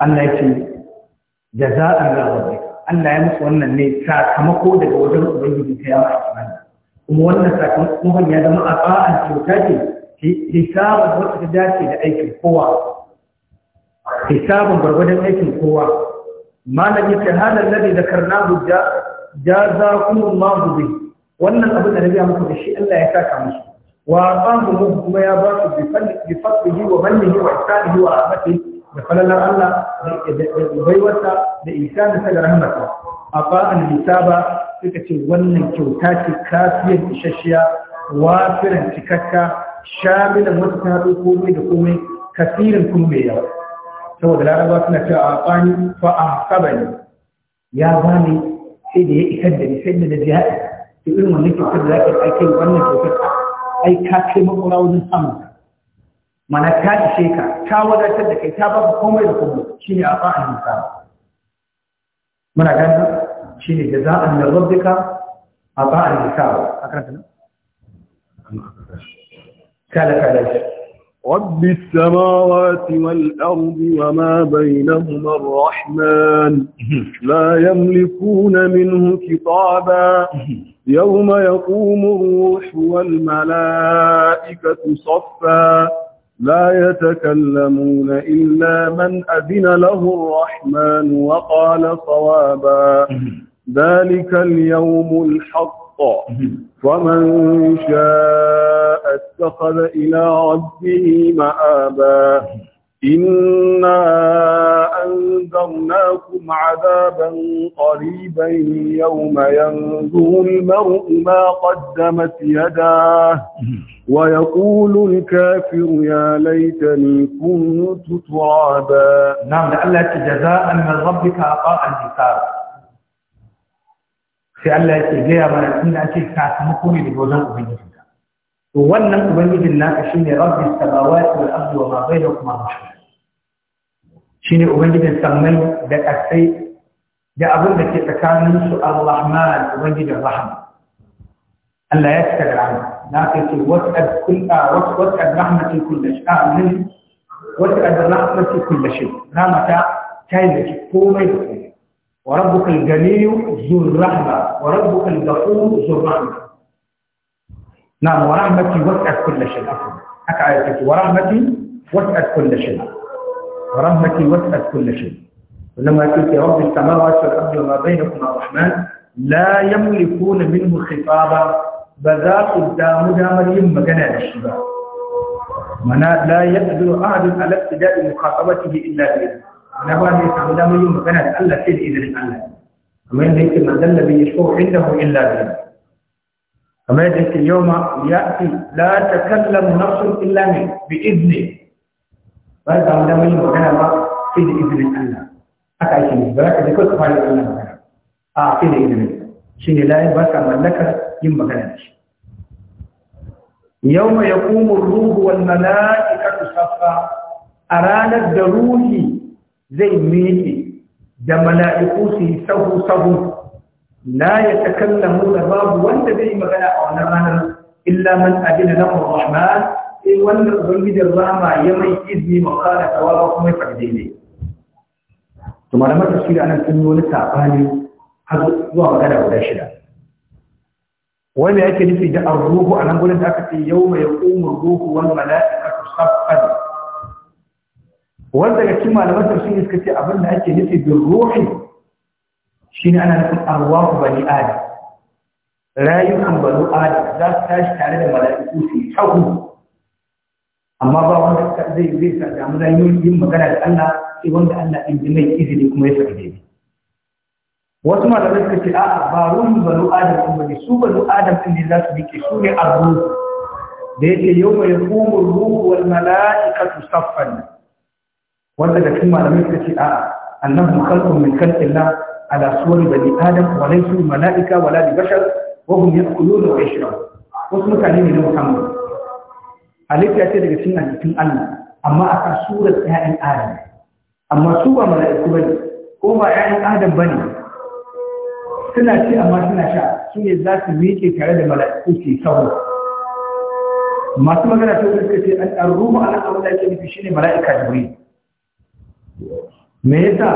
Allah ce da za a rabbika Allah ya musu wannan ne sakamako daga wajen ubangiji ta yawa a kuma wannan sakamakon ya zama a afa'al kyauta ce hisabar wata ta dace da aikin kowa hisabun gwargwadon aikin kowa da yace da, ladhi za kuma bihi wannan abin da na biya muku da shi Allah ya saka musu وأعطاهم كما يبارك بفضله ومنه وإحسانه ورحمته فقال الله الله بيوتا لإنسان سجى رحمته أعطاء الإتابة تكتي ونن كوتاتي كافية إشاشية وافرا تككا شاملا وتنهب كومي لكومي كثيرا كومي يوم سوى دلالة واسنا أعطاني فأعقبني يا باني سيدي إكدني سيدنا نجيهاتي في علم النفس كذلك الأكل والنفس ai ka kai makwara wajen samun ka mana ta ishe ka ta wadatar da kai ta ba ka komai da komai ne a ba an nisa muna ne da za'an da rabbika a ba an nisa a karanta nan kala kala shi رب السماوات والأرض وما بينهما الرحمن لا يملكون منه كتابا يوم يقوم الروح والملائكة صفا لا يتكلمون إلا من أذن له الرحمن وقال صوابا ذلك اليوم الحق ومن شاء اتخذ إلى ربه مآبا إنا أنذرناكم عذابا قريبا يوم ينظر المرء ما قدمت يداه ويقول الكافر يا ليتني كنت ترابا نعم لألا جزاء من ربك أقاء الحساب sai Allah yake gaya mana inda ake sakamako ne daga wajen ubangiji to wannan ubangijin naka shine rabbis samawati wal ardi wa ma bainakuma rahman shine ubangijin sammai da kasai da abin da ke tsakanin su ar-rahman ubangijin rahman Allah ya cika da rahman na ka ce wasad kulla wasad rahmatin kulli sha'an wasad rahmatin kulli shay rahmata ta yi da komai da komai وربك الجميل ذو الرحمة وربك الغفور ذو الرحمة نعم ورحمتي وسعت كل شيء حكى آياتك ورحمتي وسعت كل شيء ورحمتي وسعت كل شيء ولما قلت يا رب السماوات والأرض وما بينكما الرحمن لا يملكون منه خطابا بذا دام اليم يمكن الشباب منا لا يقدر أحد على ابتداء مخاطبته إلا بإذنه na ba zai samu damar yin magana da Allah sai da izinin Allah kamar yadda yake manzon nabi ya shko inda ko illa bi kamar yadda yake yawma ya'ti la takallamu nafsun illa bi izni ba za mu damar yin magana ba sai da izinin Allah haka ake ne ba za ka da kawai fara Allah magana a sai da izinin shine la ba sa mallakar yin magana da shi yawma yaqumu ar-ruhu wal mala'ikatu safa a ranar da ruhi zai miƙe da mala'iku su yi sahu-sahu la ya takallamu da babu wanda zai yi magana a wannan ranar illa man adina na rahman sai wanda ubangijin rama ya mai izini makara tsawa kuma ya farde ne to malamar tafsiri nan sun yi wani saɓani, har zuwa magana guda shida wanda yake nufi da arruhu a nan gurin da aka ce yau mai ƙumar ruhu wani mala'ika saffan wanda daga cikin malaman tafsiri suka ce abin da ake nufi bin ruhi shine ana nufin arwahu bani adam rayukan bani adam za su tashi tare da mala'iku su yi tahu amma ba wanda zai zai sa damu yi yin magana da Allah sai wanda Allah in ji mai izini kuma ya sarge ni wasu malamai suka ce a'a ba ruhi bani adam kuma ne su bani adam din ne za su rike su ne arruh da yake yau mai kuma ruhu wal mala'ikatu saffan wanda daga cikin malamai suka ce a'a annahum khalqun min khalqillah ala suwar bani adam wa laysu malaika wala li bashar wa hum yaquluna wa yashrabun wasu mutane ne na musamman halitta ce daga cikin halittun Allah amma a kan surar 'ya'yan adam amma su ba mala'iku bane ko ba 'ya'yan adam bane suna ci amma suna sha su ne za su miƙe tare da mala'iku ke sahu masu magana ta wurin ce an ruhu ala abin da ake nufi shine mala'ika jibril me yasa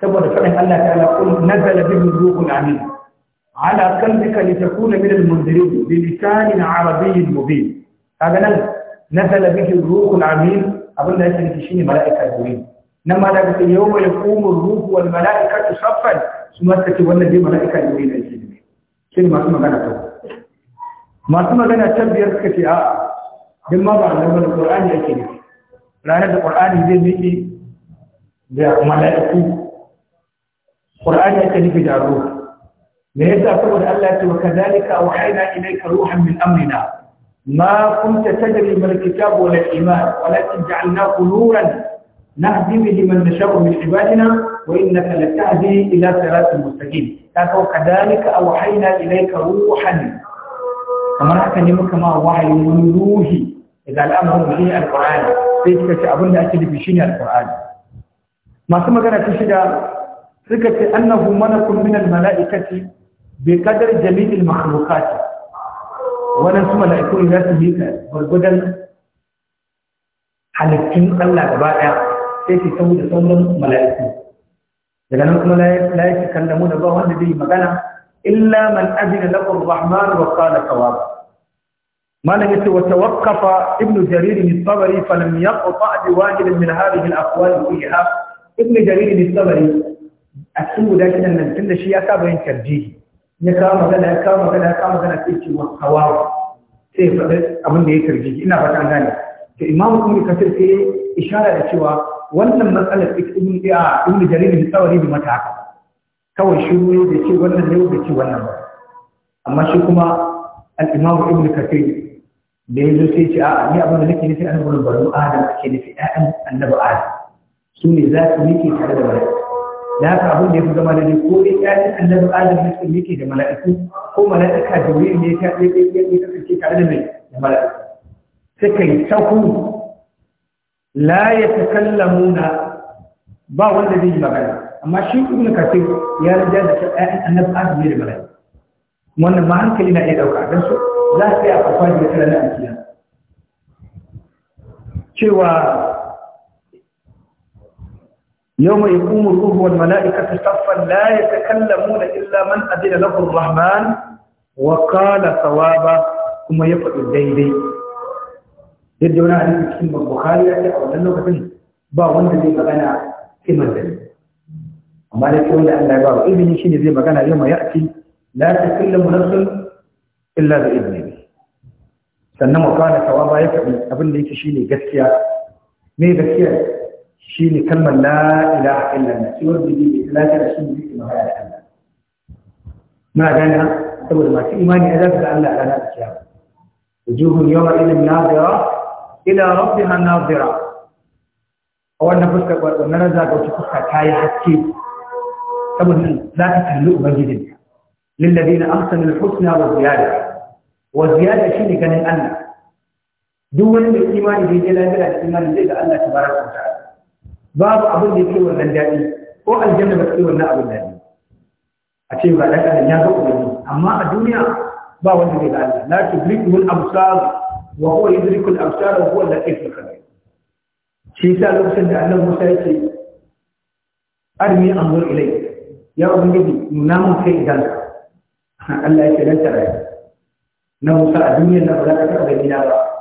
saboda faɗin Allah ta'ala qul nazala bihi ruhul amin ala qalbika litakuna min al-munzirin bi lisanin arabiyyin mubin kaga nan nazala bihi ruhul amin abin da yake nufi shine mala'ika jibril nan ma daga sai yawma yaqumu ruhu wal mala'ikatu saffan su ma take wannan dai mala'ika jibril ne shi ne shin masu magana ta masu magana ta biyar suka ce a duk ma ba annabi da qur'ani yake ne ranar da qur'ani zai miki ديال ملائكه القران الكريم ديال الروح ليس تقول الله وكذلك اوحينا اليك روحا من امرنا ما كنت تدري من الكتاب ولا الايمان ولكن جعلناه نورا نهدي به من نشاء من عبادنا وانك لتهدي الى صراط مستقيم كذلك اوحينا اليك روحا كما كلمه ما وحي من روحي اذا الامر به القران سيدك ابن اكل بشين القران masu magana ta shida suka ce annahu malakun min almalaikati bi qadar jami'il makhluqat wannan su malaiku ne su yi gurgudan halittun Allah gaba daya sai su tawo da sauran malaiku daga nan kuma laiki kallamu da ba wanda zai magana illa man azina lahu arrahman wa qala sawab malam yace wa tawaqqafa ibnu jarir min tabari falam yaqta bi wajib min hadhihi alaqwal kulliha ibn jarir bin sabari a cikin guda shidan nan tunda shi ya saba yin tarjihi ya kama magana ya kama magana ya kawo magana sai ce wa hawawa sai faɗi abin da ya tarjihi ina fata an gane to imamu ibn kasir sai ya da cewa wannan matsalar ibn a ibn jarir bin sabari bi mata haka kawai shi ne da ce wannan ne da ce wannan ba amma shi kuma al-imamu ibn kasir da ya zo sai ce a ni abin da nake nufi annabi bari adam ake nufi ƴaƴan annabi adam su ne za su miƙe tare da mala'ika da haka abin da ya fi zama da ne ko ɗaya ƴaƴan annabi adam ne su miƙe da mala'iku ko mala'ika da wuri ne ya kasance tare da mai da mala'iku kai ta kuma la ya takallamuna ba wanda zai yi magana amma shi ibnu kafin ya rija da ƴaƴan annabi adam ne da mala'iku wannan ma hankali na iya ɗauka don su za su yi a kwakwar da tare na cewa يوم يقوم الروح والملائكة صفا لا يتكلمون إلا من أذن له الرحمن وقال صوابا ثم يفعل الديدي yadda wani hadisi cikin bukhari ya ce a wannan lokacin ba wanda zai magana sai manzali amma da wanda Allah ya ba wa izini shine zai magana yau mai yaki la takullamu nafsun illa bi idnihi sannan wa kana sawaba ya faɗi abin da yake shine gaskiya me gaskiya shi ne kalmar la ilaha illallah shi wanda yake da lafiya da shi ne yake magana da Allah na gana saboda masu imani a zaka da Allah a ranar kiyama wujuhun yawma idin nazira. ila rabbiha nazira. a wannan fuskar wannan zaka wuce fuska ta yi haske saboda za ka kalli ubangijin lilladina ahsanul husna wa ziyada wa ziyada shine ganin Allah duk wani mai imani da ya lafiya da imani zai ga Allah ta wa ta'ala babu abin da yake wannan daɗi ko aljanna ba ta wannan abin daɗi a ce ba ɗan ya ga ubangiji amma a duniya ba wanda zai ga Allah la tudrikul absar wa huwa al absar wa huwa al khabir shi ya lokacin da Allah Musa yake armi anzur ilai ya ubangiji nuna mun kai idan Allah ya ce nan tare na Musa a duniya na ba za ka taɓa dina ba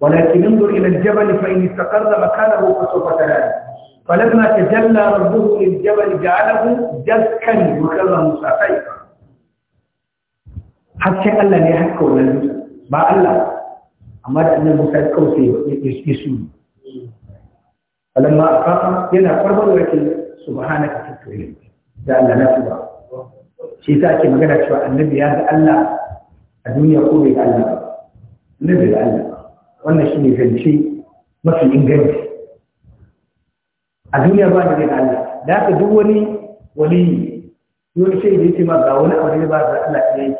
ولكن انظر إلى الجبل فإن استقر مكانه فسوف تراه فلما تجلى ربه للجبل جعله جزكا وكذا موسى كيفا حتى الله ne haka wannan ba Allah amma da annabi Musa ya kauce ya su alamma aka yana farbar wake subhanaka takwir da Allah na tuba shi ta ake magana cewa annabi ya ga Allah a duniya ko bai Allah wannan shi ne zance mafi inganci a duniya ba da zai Allah da haka duk wani wani yau shi da yake ma ga wani abu da ba da Allah ya yi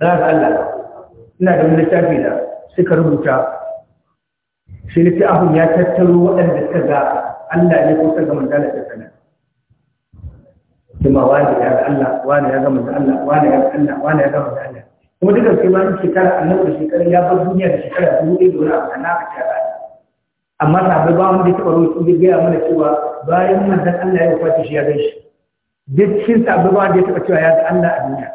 za ga Allah ina da wani littafi da suka rubuta shi abu ya tattaro waɗanda suka ga Allah ne ko suka ga manzala ta sana kuma wani ya ga Allah wani ya ga manzala Allah wani ya ga Allah wani ya ga manzala kuma duk da sai bayan shekara annabi da shekara ya bar duniya da shekara dubu ɗaya da wani abu na a shekara amma sahabbai ba wanda ya taɓa rawaito bai gaya mana cewa bayan manzon Allah ya wafa shi ya shi duk cikin sahabbai ba wanda ya taɓa cewa ya ga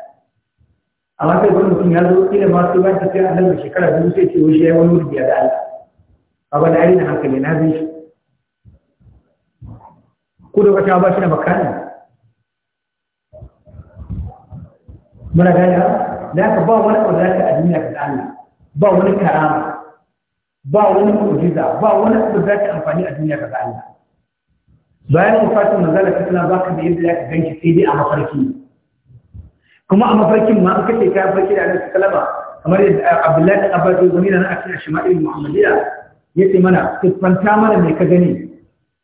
Allah a duniya amma sai wani mutum ya zo kila ma sai bayan tafiya annabi da shekara dubu sai ce wani ya yi wani wurbiya da Allah a wani ayi na hankali na zai shi ko da wata ba shi na makana muna gani da ka ba wani abu da ka a duniya ka Allah ba wani karama ba wani mu'jiza ba wani abu da ka amfani a duniya ka Allah bayan wafatin manzala ta tana baka da yadda zaka ganki sai dai a mafarki kuma a mafarkin ma an kace ka farki da Annabi kalaba, kamar yadda Abdullahi da Abbas ya gani nan a cikin Shama'il Muhammadiyya yace mana siffanta mana me ka gani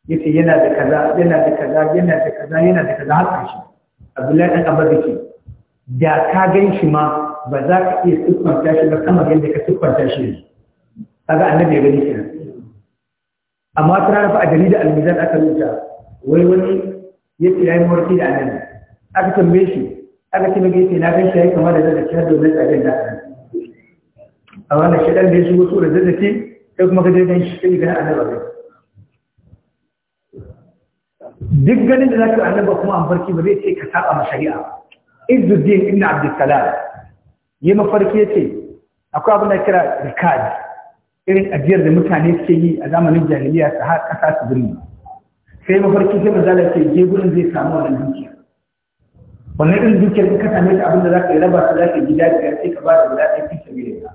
yace yana da kaza yana da kaza yana da kaza yana da kaza har ƙarshe Abdullahi dan Abbas yake da ka gan shi ma ba za ka iya siffanta shi ba kamar yadda ka siffanta shi ne ga annabi ya gani ne amma ta rarrafa fa a dalilin almizan aka rubuta wai wani ya ce ya yi mawarki da annabi aka tambaye shi aka ce mai yace na gan shi ya yi kama da zazzaki da domin tsarin da a wannan Dan da ya shigo wasu da zazzaki sai kuma ka je gan shi sai ganin annabi ba duk ganin da za ka annabi kuma an farki ba zai ce ka saba ma shari'a ba Izzuddin ibn Abdussalam yi mafarki ce akwai abin da kira rikad irin ajiyar da mutane suke yi a zamanin jahiliya su har kasa su birni sai mafarki sai mazala ce je gurin zai samu wannan dukiya wannan irin dukiyar in ka same ta abin da za ka yi raba su za ka yi gida da sai ka ba da guda ɗaya fi sabi da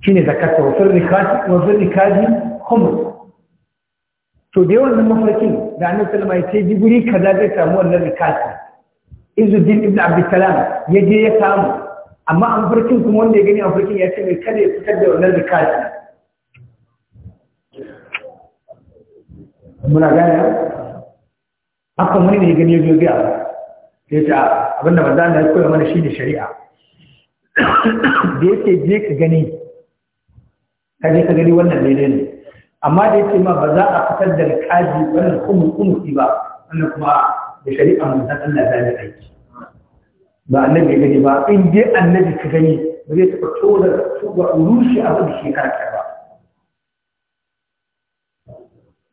shi ne zakarta wa firri kaji homer to da yawan mafarkin da annabi sallama ya ce ji kaza zai samu wannan rikasi izuddin ibn abdussalam ya je ya samu amma an farkin kuma wanda ya gani a farkin ya ce mai kada ya fitar da wannan rikati muna gane haka wani ne ya gani ya zo biya ya ce ah, abinda manzo Allah ya koya mana shi da shari'a da yake je ka gani ka je ka gani wannan daidai ne amma da ya ce ma ba za a fitar da rikati wannan kuma kuma ba wannan kuma da shari'a mun manzo Allah ya aiki ba annabi gani ba in dai annabi ka gani ba zai taɓa tona tuba rushe a wani shekara ta ba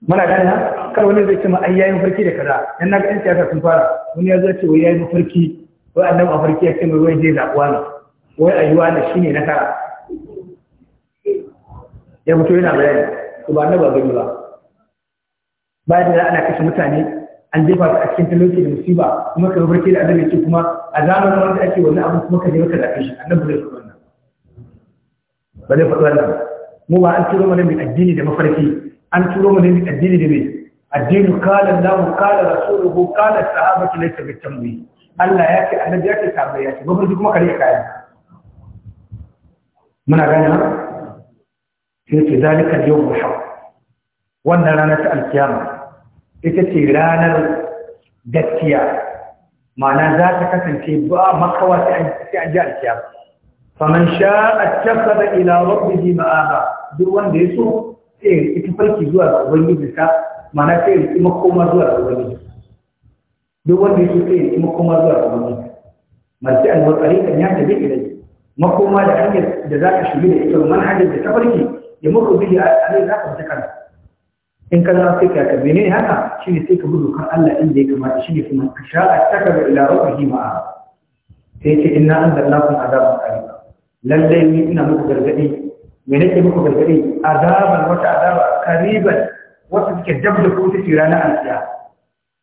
muna gani ha kar wani zai ce ma ai yayin farki da kaza yan na ganin ɗan siyasa sun fara wani ya zai ce wai yayin farki wai annabi a farki ya ce mai wai zai zaɓuwa ne wai shi ne na kara ya mutu yana bayani to ba annabi ba gani ba bayan da ana kashe mutane an jefa ka a cikin talauci da musiba kuma ka barke da annabi ce kuma a zamanin wanda ake wannan abin kuma ka je ka zaɓe shi annabi zai faɗi wannan ba zai faɗi wannan mu ba an turo mana mai addini da mafarki an turo mana mai addini da mai addini kala Allah kala rasuluhu kala sahabatu laysa bitamwi Allah ya ce annabi ya ce sahabbai ya ce mafarki kuma kare kayan muna gane ha? sai ce zalika yawmul haqq wannan rana ta alkiyama ita ce ranar gaskiya ma'ana za ta kasance ba makawa sai an ji alkiyar faman sha a da tabbata ila rabbihi ma'aba duk wanda ya so sai ya riki farki zuwa ga ubangijinsa ma'ana sai ya riki makoma zuwa ga ubangiji duk wanda ya so sai ya riki makoma zuwa ga ubangiji masu alwatsari kan ya tabi ilai makoma da hanyar da za ka shige da ita wani manhajar da ta farki ya muku biyu a zai za ka fita kanka in ka zama sai ka kabe ne haka shi ne sai ka gudu kan Allah inda ya kamata shi ne kuma ka sha a taka ga ila rabbihi ma'a sai ce inna anzalnakum azaban alim lalle ni ina muku gargadi me nake muku gargadi azaban wata azaba kariban wata take dab da ku ta tira na alkiya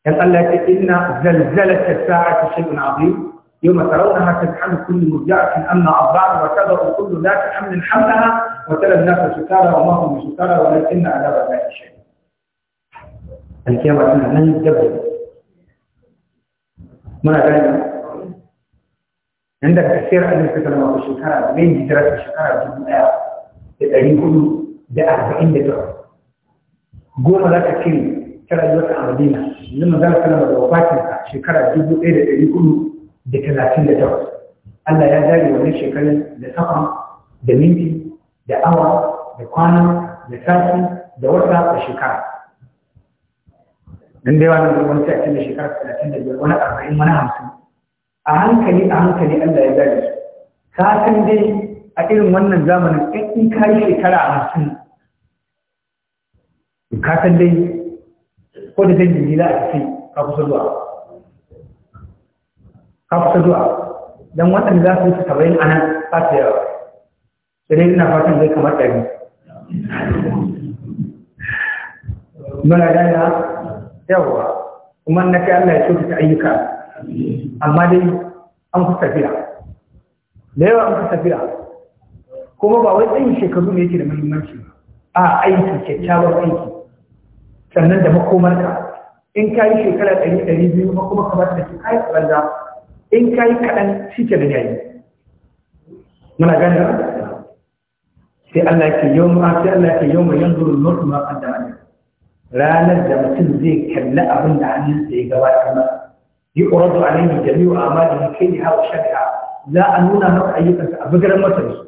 dan Allah ya ce inna zalzalat as-sa'ati shay'un 'azim yawma tarawnaha tadhhalu kullu murja'atin amma arda'at wa tad'u kullu dhati hamlin hamlaha wa tala an-nafsu sukara wa ma hum sukara walakinna 'adaba la shay'un alkiyama suna nan dabba muna gani inda kasiyar annabi sallallahu alaihi wasallam shekara bayan hijira shekara dubu daya da ɗari hudu da arba'in da takwas goma za ka kiri ta rayuwarsa a madina yanzu ta salama da wafatinsa shekara dubu ɗaya da ɗari hudu da talatin da takwas allah ya zare wani shekarun da sa'a da minti da awa da kwana da sati da wata da shekara dan da yawa wani sai a cikin shekara talatin da biyar wani arba'in wani hamsin a hankali a hankali Allah ya gane su ka san dai a irin wannan zamanin in in ka yi shekara hamsin ka san dai ko da zan jini za a tafi ka kusa zuwa ka kusa zuwa don waɗanda za su yi saba'in a nan ba su yawa sai dai ina fatan zai kamar ɗari. Muna gane yawa kuma na kai Allah ya kyauta ta ayyuka amma dai an fi tafiya da yawa an fi tafiya kuma ba wai tsayin shekaru ne yake da muhimmanci a aiki kyakkyawar aiki sannan da makomarka in ka yi shekara ɗari ɗari biyu ma kuma kamar da ke kayi banza in ka yi kaɗan shi ke da yayi muna gane sai Allah ke yau ma sai Allah ke yau ma yanzu lokacin ma kan da ranar da mutum zai kalli abin da hannunsa ya gabatar masa yi ƙorazu a nan jami'u a amalin kai ne hawa shari'a za a nuna masa ayyukansa a bugar masa da su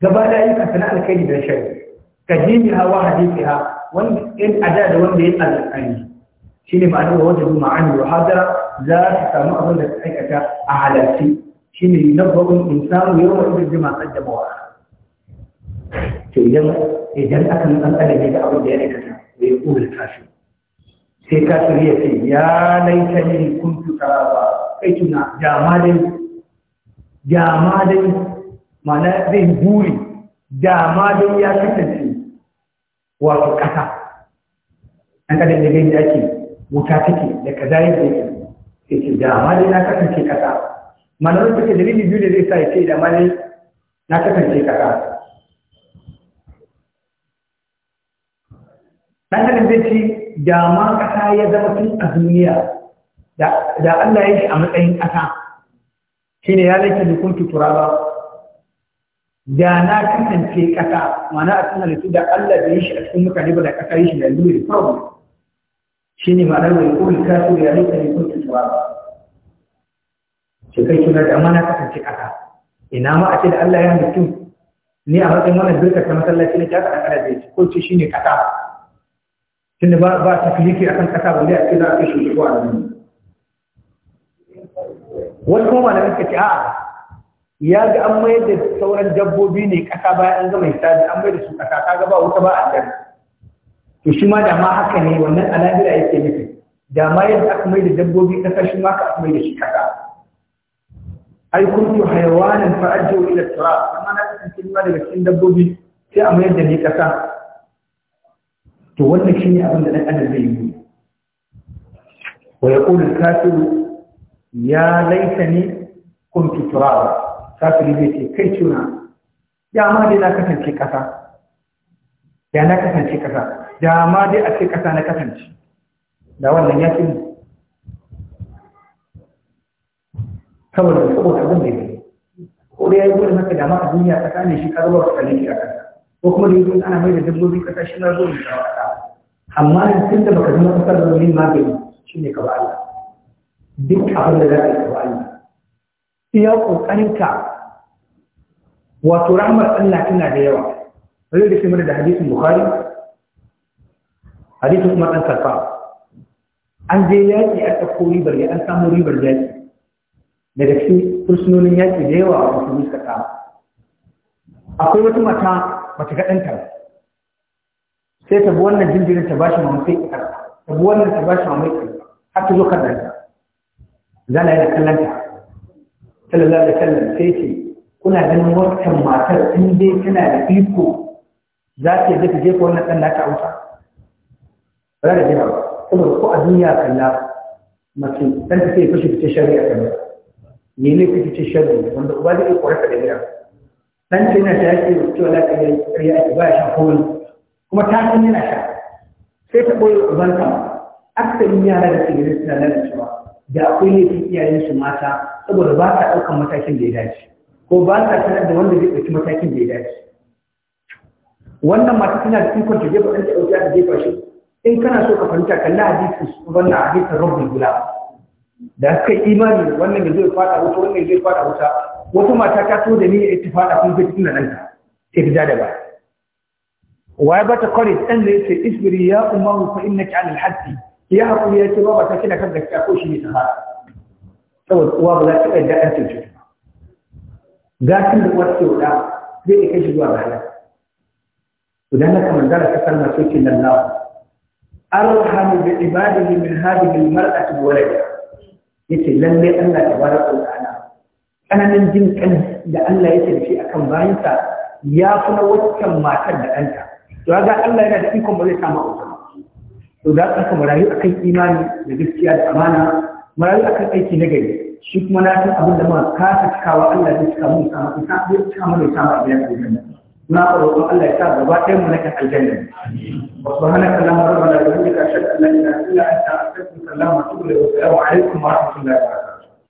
gaba da ayyukansa na alkhairi da shari ka jini hawa hadisi ha wanda in ada da wanda ya alƙani shi ne ma'anar wajen ma'ani wa hadara za su samu abin da ta aikata a halarci shi ne nabba'un insanu yawan irin jima kaddamawa to idan idan aka nuna ɗan adam ya ga abin da ya aikata da ya ƙuri kafin sai kafin ya ce ya laita ne kun tuta ba kai tuna dama dai dama dai mana zai buri dama dai ya kasance wato kasa an kada da gani ake wuta take da ka kaza yake sai ce dama dai na kasance ƙasa malamai suke dalili biyu da zai sa ya ce dama dai na kasance kasa dan adam zai ce da ma kasa ya zama tun a duniya da Allah ya shi a matsayin kasa shine ya laita da kunki turaba da na kasance kasa mana a cikin halittu da Allah da ya shi a cikin mutane ba da kasa ya shi da lura shi ne ma'anar mai kuri kasu ya laita da kunki turaba shi kai kina da mana kasance kasa ina ma a ce da Allah ya mutum ni a matsayin wannan birka ta masallaci ne ta da kada da ko ce shi ne kasa tunda ba ba a akan kasa ba a ce za a kai shi zuwa nan wani kuma malamin ka ce a'a ya ga an mayar da sauran dabbobi ne kasa bayan an gama hisabi an mayar da su kasa ka ga ba wuta ba a dan to shi ma da ma haka ne wannan alabira yake nufi da ma yadda aka mai da dabbobi kasa shi ma ka aka mai da shi kasa ai kuntu hayawanan fa ila turab amma na kasance ma daga cikin dabbobi sai a mayar da ni kasa to wannan shi ne abin da ɗan adam zai yi wa ya ƙulun kafiru ya laita ne kun fiturawa kafiri zai ce kai cuna ya ma dai na kasance ƙasa ya na kasance ƙasa da ma dai a ce ƙasa na kasance da wannan ya fi saboda saboda abin da ya yi ko da ya yi gudun haka da ma a duniya tsakanin shi karuwar kalli a ƙasa ko kuma da yi ana mai da dabbobi ƙasa shi na zuwa da amma tun da baka zama kusa da wani magani shi ne kawai Allah duk abin da za ka yi kaba Allah iya ƙoƙarinka wato rahmar Allah tana da yawa wani da shi da hadisin Bukhari hadisin kuma ɗan sarfa an je yaƙi a ɗauko ribar ya an samu ribar yaƙi daga shi fursunonin yaƙi da yawa a wasu suka akwai wata mata mata ga ɗanta sai ta bi wannan jinjirin ta bashi mamakai ƙarfa ta bi wannan ta bashi mamakai ƙarfa har ta zo kan ɗanta zana yana kallon ta sallallahu alaihi wasallam sai ce kuna ganin wata matar in dai tana da iko za ta yi ta jefa wannan ɗan naka auta ba da jefa ba saboda ko a duniya kalla mace ɗan ta sai fashe fice shari'a ta mata ne ne fice ce shari'a wanda uba zai iya kwarar da gida ɗan ta yana ta yake cewa lafiya ya ba ya shan kowani kuma ta san yana sha sai ta ɓoye ubanta aksarin yara da ke suna lalacewa da akwai laifin iyayen su mata saboda ba sa ɗaukan matakin da ya dace ko ba sa sanar da wanda zai ɗauki matakin da ya dace wannan mata tana da ikon ta jefa ɗanta ɗauki a jefa shi in kana so ka fahimta kalla hadisi wannan hadisin rabbul gula da suka yi imani wannan da zai fada wuta wannan zai fada wuta wata mata ta so da ni ya ita fada kuma ta cikin nan ta sai ta da ba وبات قريت أن ليس إسبري يا أمه فإنك عن الحد يا حقول يا تبابا تكنا كبدك أكوش من هذا سوى وابا لا تبقى جاء أنت الجنة ذاك اللي وصيو لا بيئك يجب وابا ولأنك من ذلك كلمة فيك لله أرحم بعباده من هذه المرأة الولدة يتي للي أن تبارك الآن أنا من جنك أن لأن يتي في أكم باينتا يا فنا وكم ما تد أنت to ga Allah yana da ikon ba zai samu auta to da ka kuma rayu akan imani da gaskiya da amana marayu akan aiki na gari shi kuma na san abin da ma ka cikawa Allah zai cika mun samu ka zai cika mun da samu biyar da aljanna na roƙon Allah ya sa gaba ɗayan mu na kan aljanna wa subhanaka allahumma rabbana wa bihamdika ashhadu an la ilaha illa anta astaghfiruka wa atubu ilayk wa assalamu alaikum wa rahmatullahi wa barakatuh